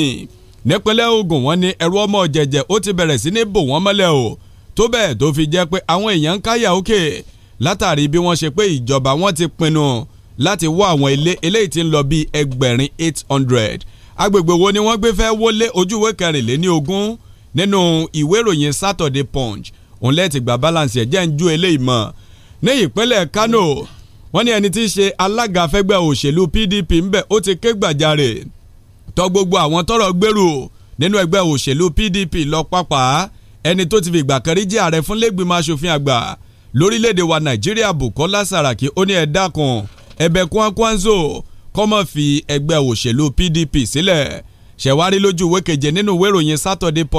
A: nípínlẹ̀ Ògùn wọ́n ní ẹ̀rù ọmọ jẹ̀jẹ̀ ó ti bẹ̀rẹ̀ sí ní bò wọ́n mọ́lẹ̀ o tó bẹ́ẹ̀ tó fi jẹ́ pé àwọn èèyàn ń káyà òkè látàrí bí wọ́n ṣe pé ìjọba wọn ti pinnu láti wó àwọn ilé eléyìí tí ń lọ bíi ẹgbẹ̀rin eight hundred agbègbè wo ni wọ́n gbé fẹ́ wọlé ojúwe kẹrìnléní ogún nínú ìwé ìròyìn Saturday Punch òun lẹ́ẹ̀tì gba balance ẹ̀ jẹ́ ń ju eléyìí mọ́ ní ìpínlẹ̀ Kano wọ́n ní ẹni tí í ṣe alága fẹ́gbẹ́ òṣèlú PDP ńbẹ̀ ó ti ké gbàjarè tọ gbogbo àwọn tọ́rọ̀ gbèrú nínú ẹgbẹ́ òṣèlú PDP lọ pápá ẹni tó ti fi ìgbà kan rí jẹ́ ààrẹ fúnlẹ́gbìmọ̀ asòfin àgbà lórílẹ̀‐èdè wa Nàìjíríà bukola saraki ó ní ẹ dákun ẹ̀bẹ̀ Kwankwanzo kọ́mọ̀ fi ẹgbẹ́ òṣèlú PDP sílẹ̀ ṣẹ̀wárí lójú ìwé keje nínú ìwé ìròyìn Saturday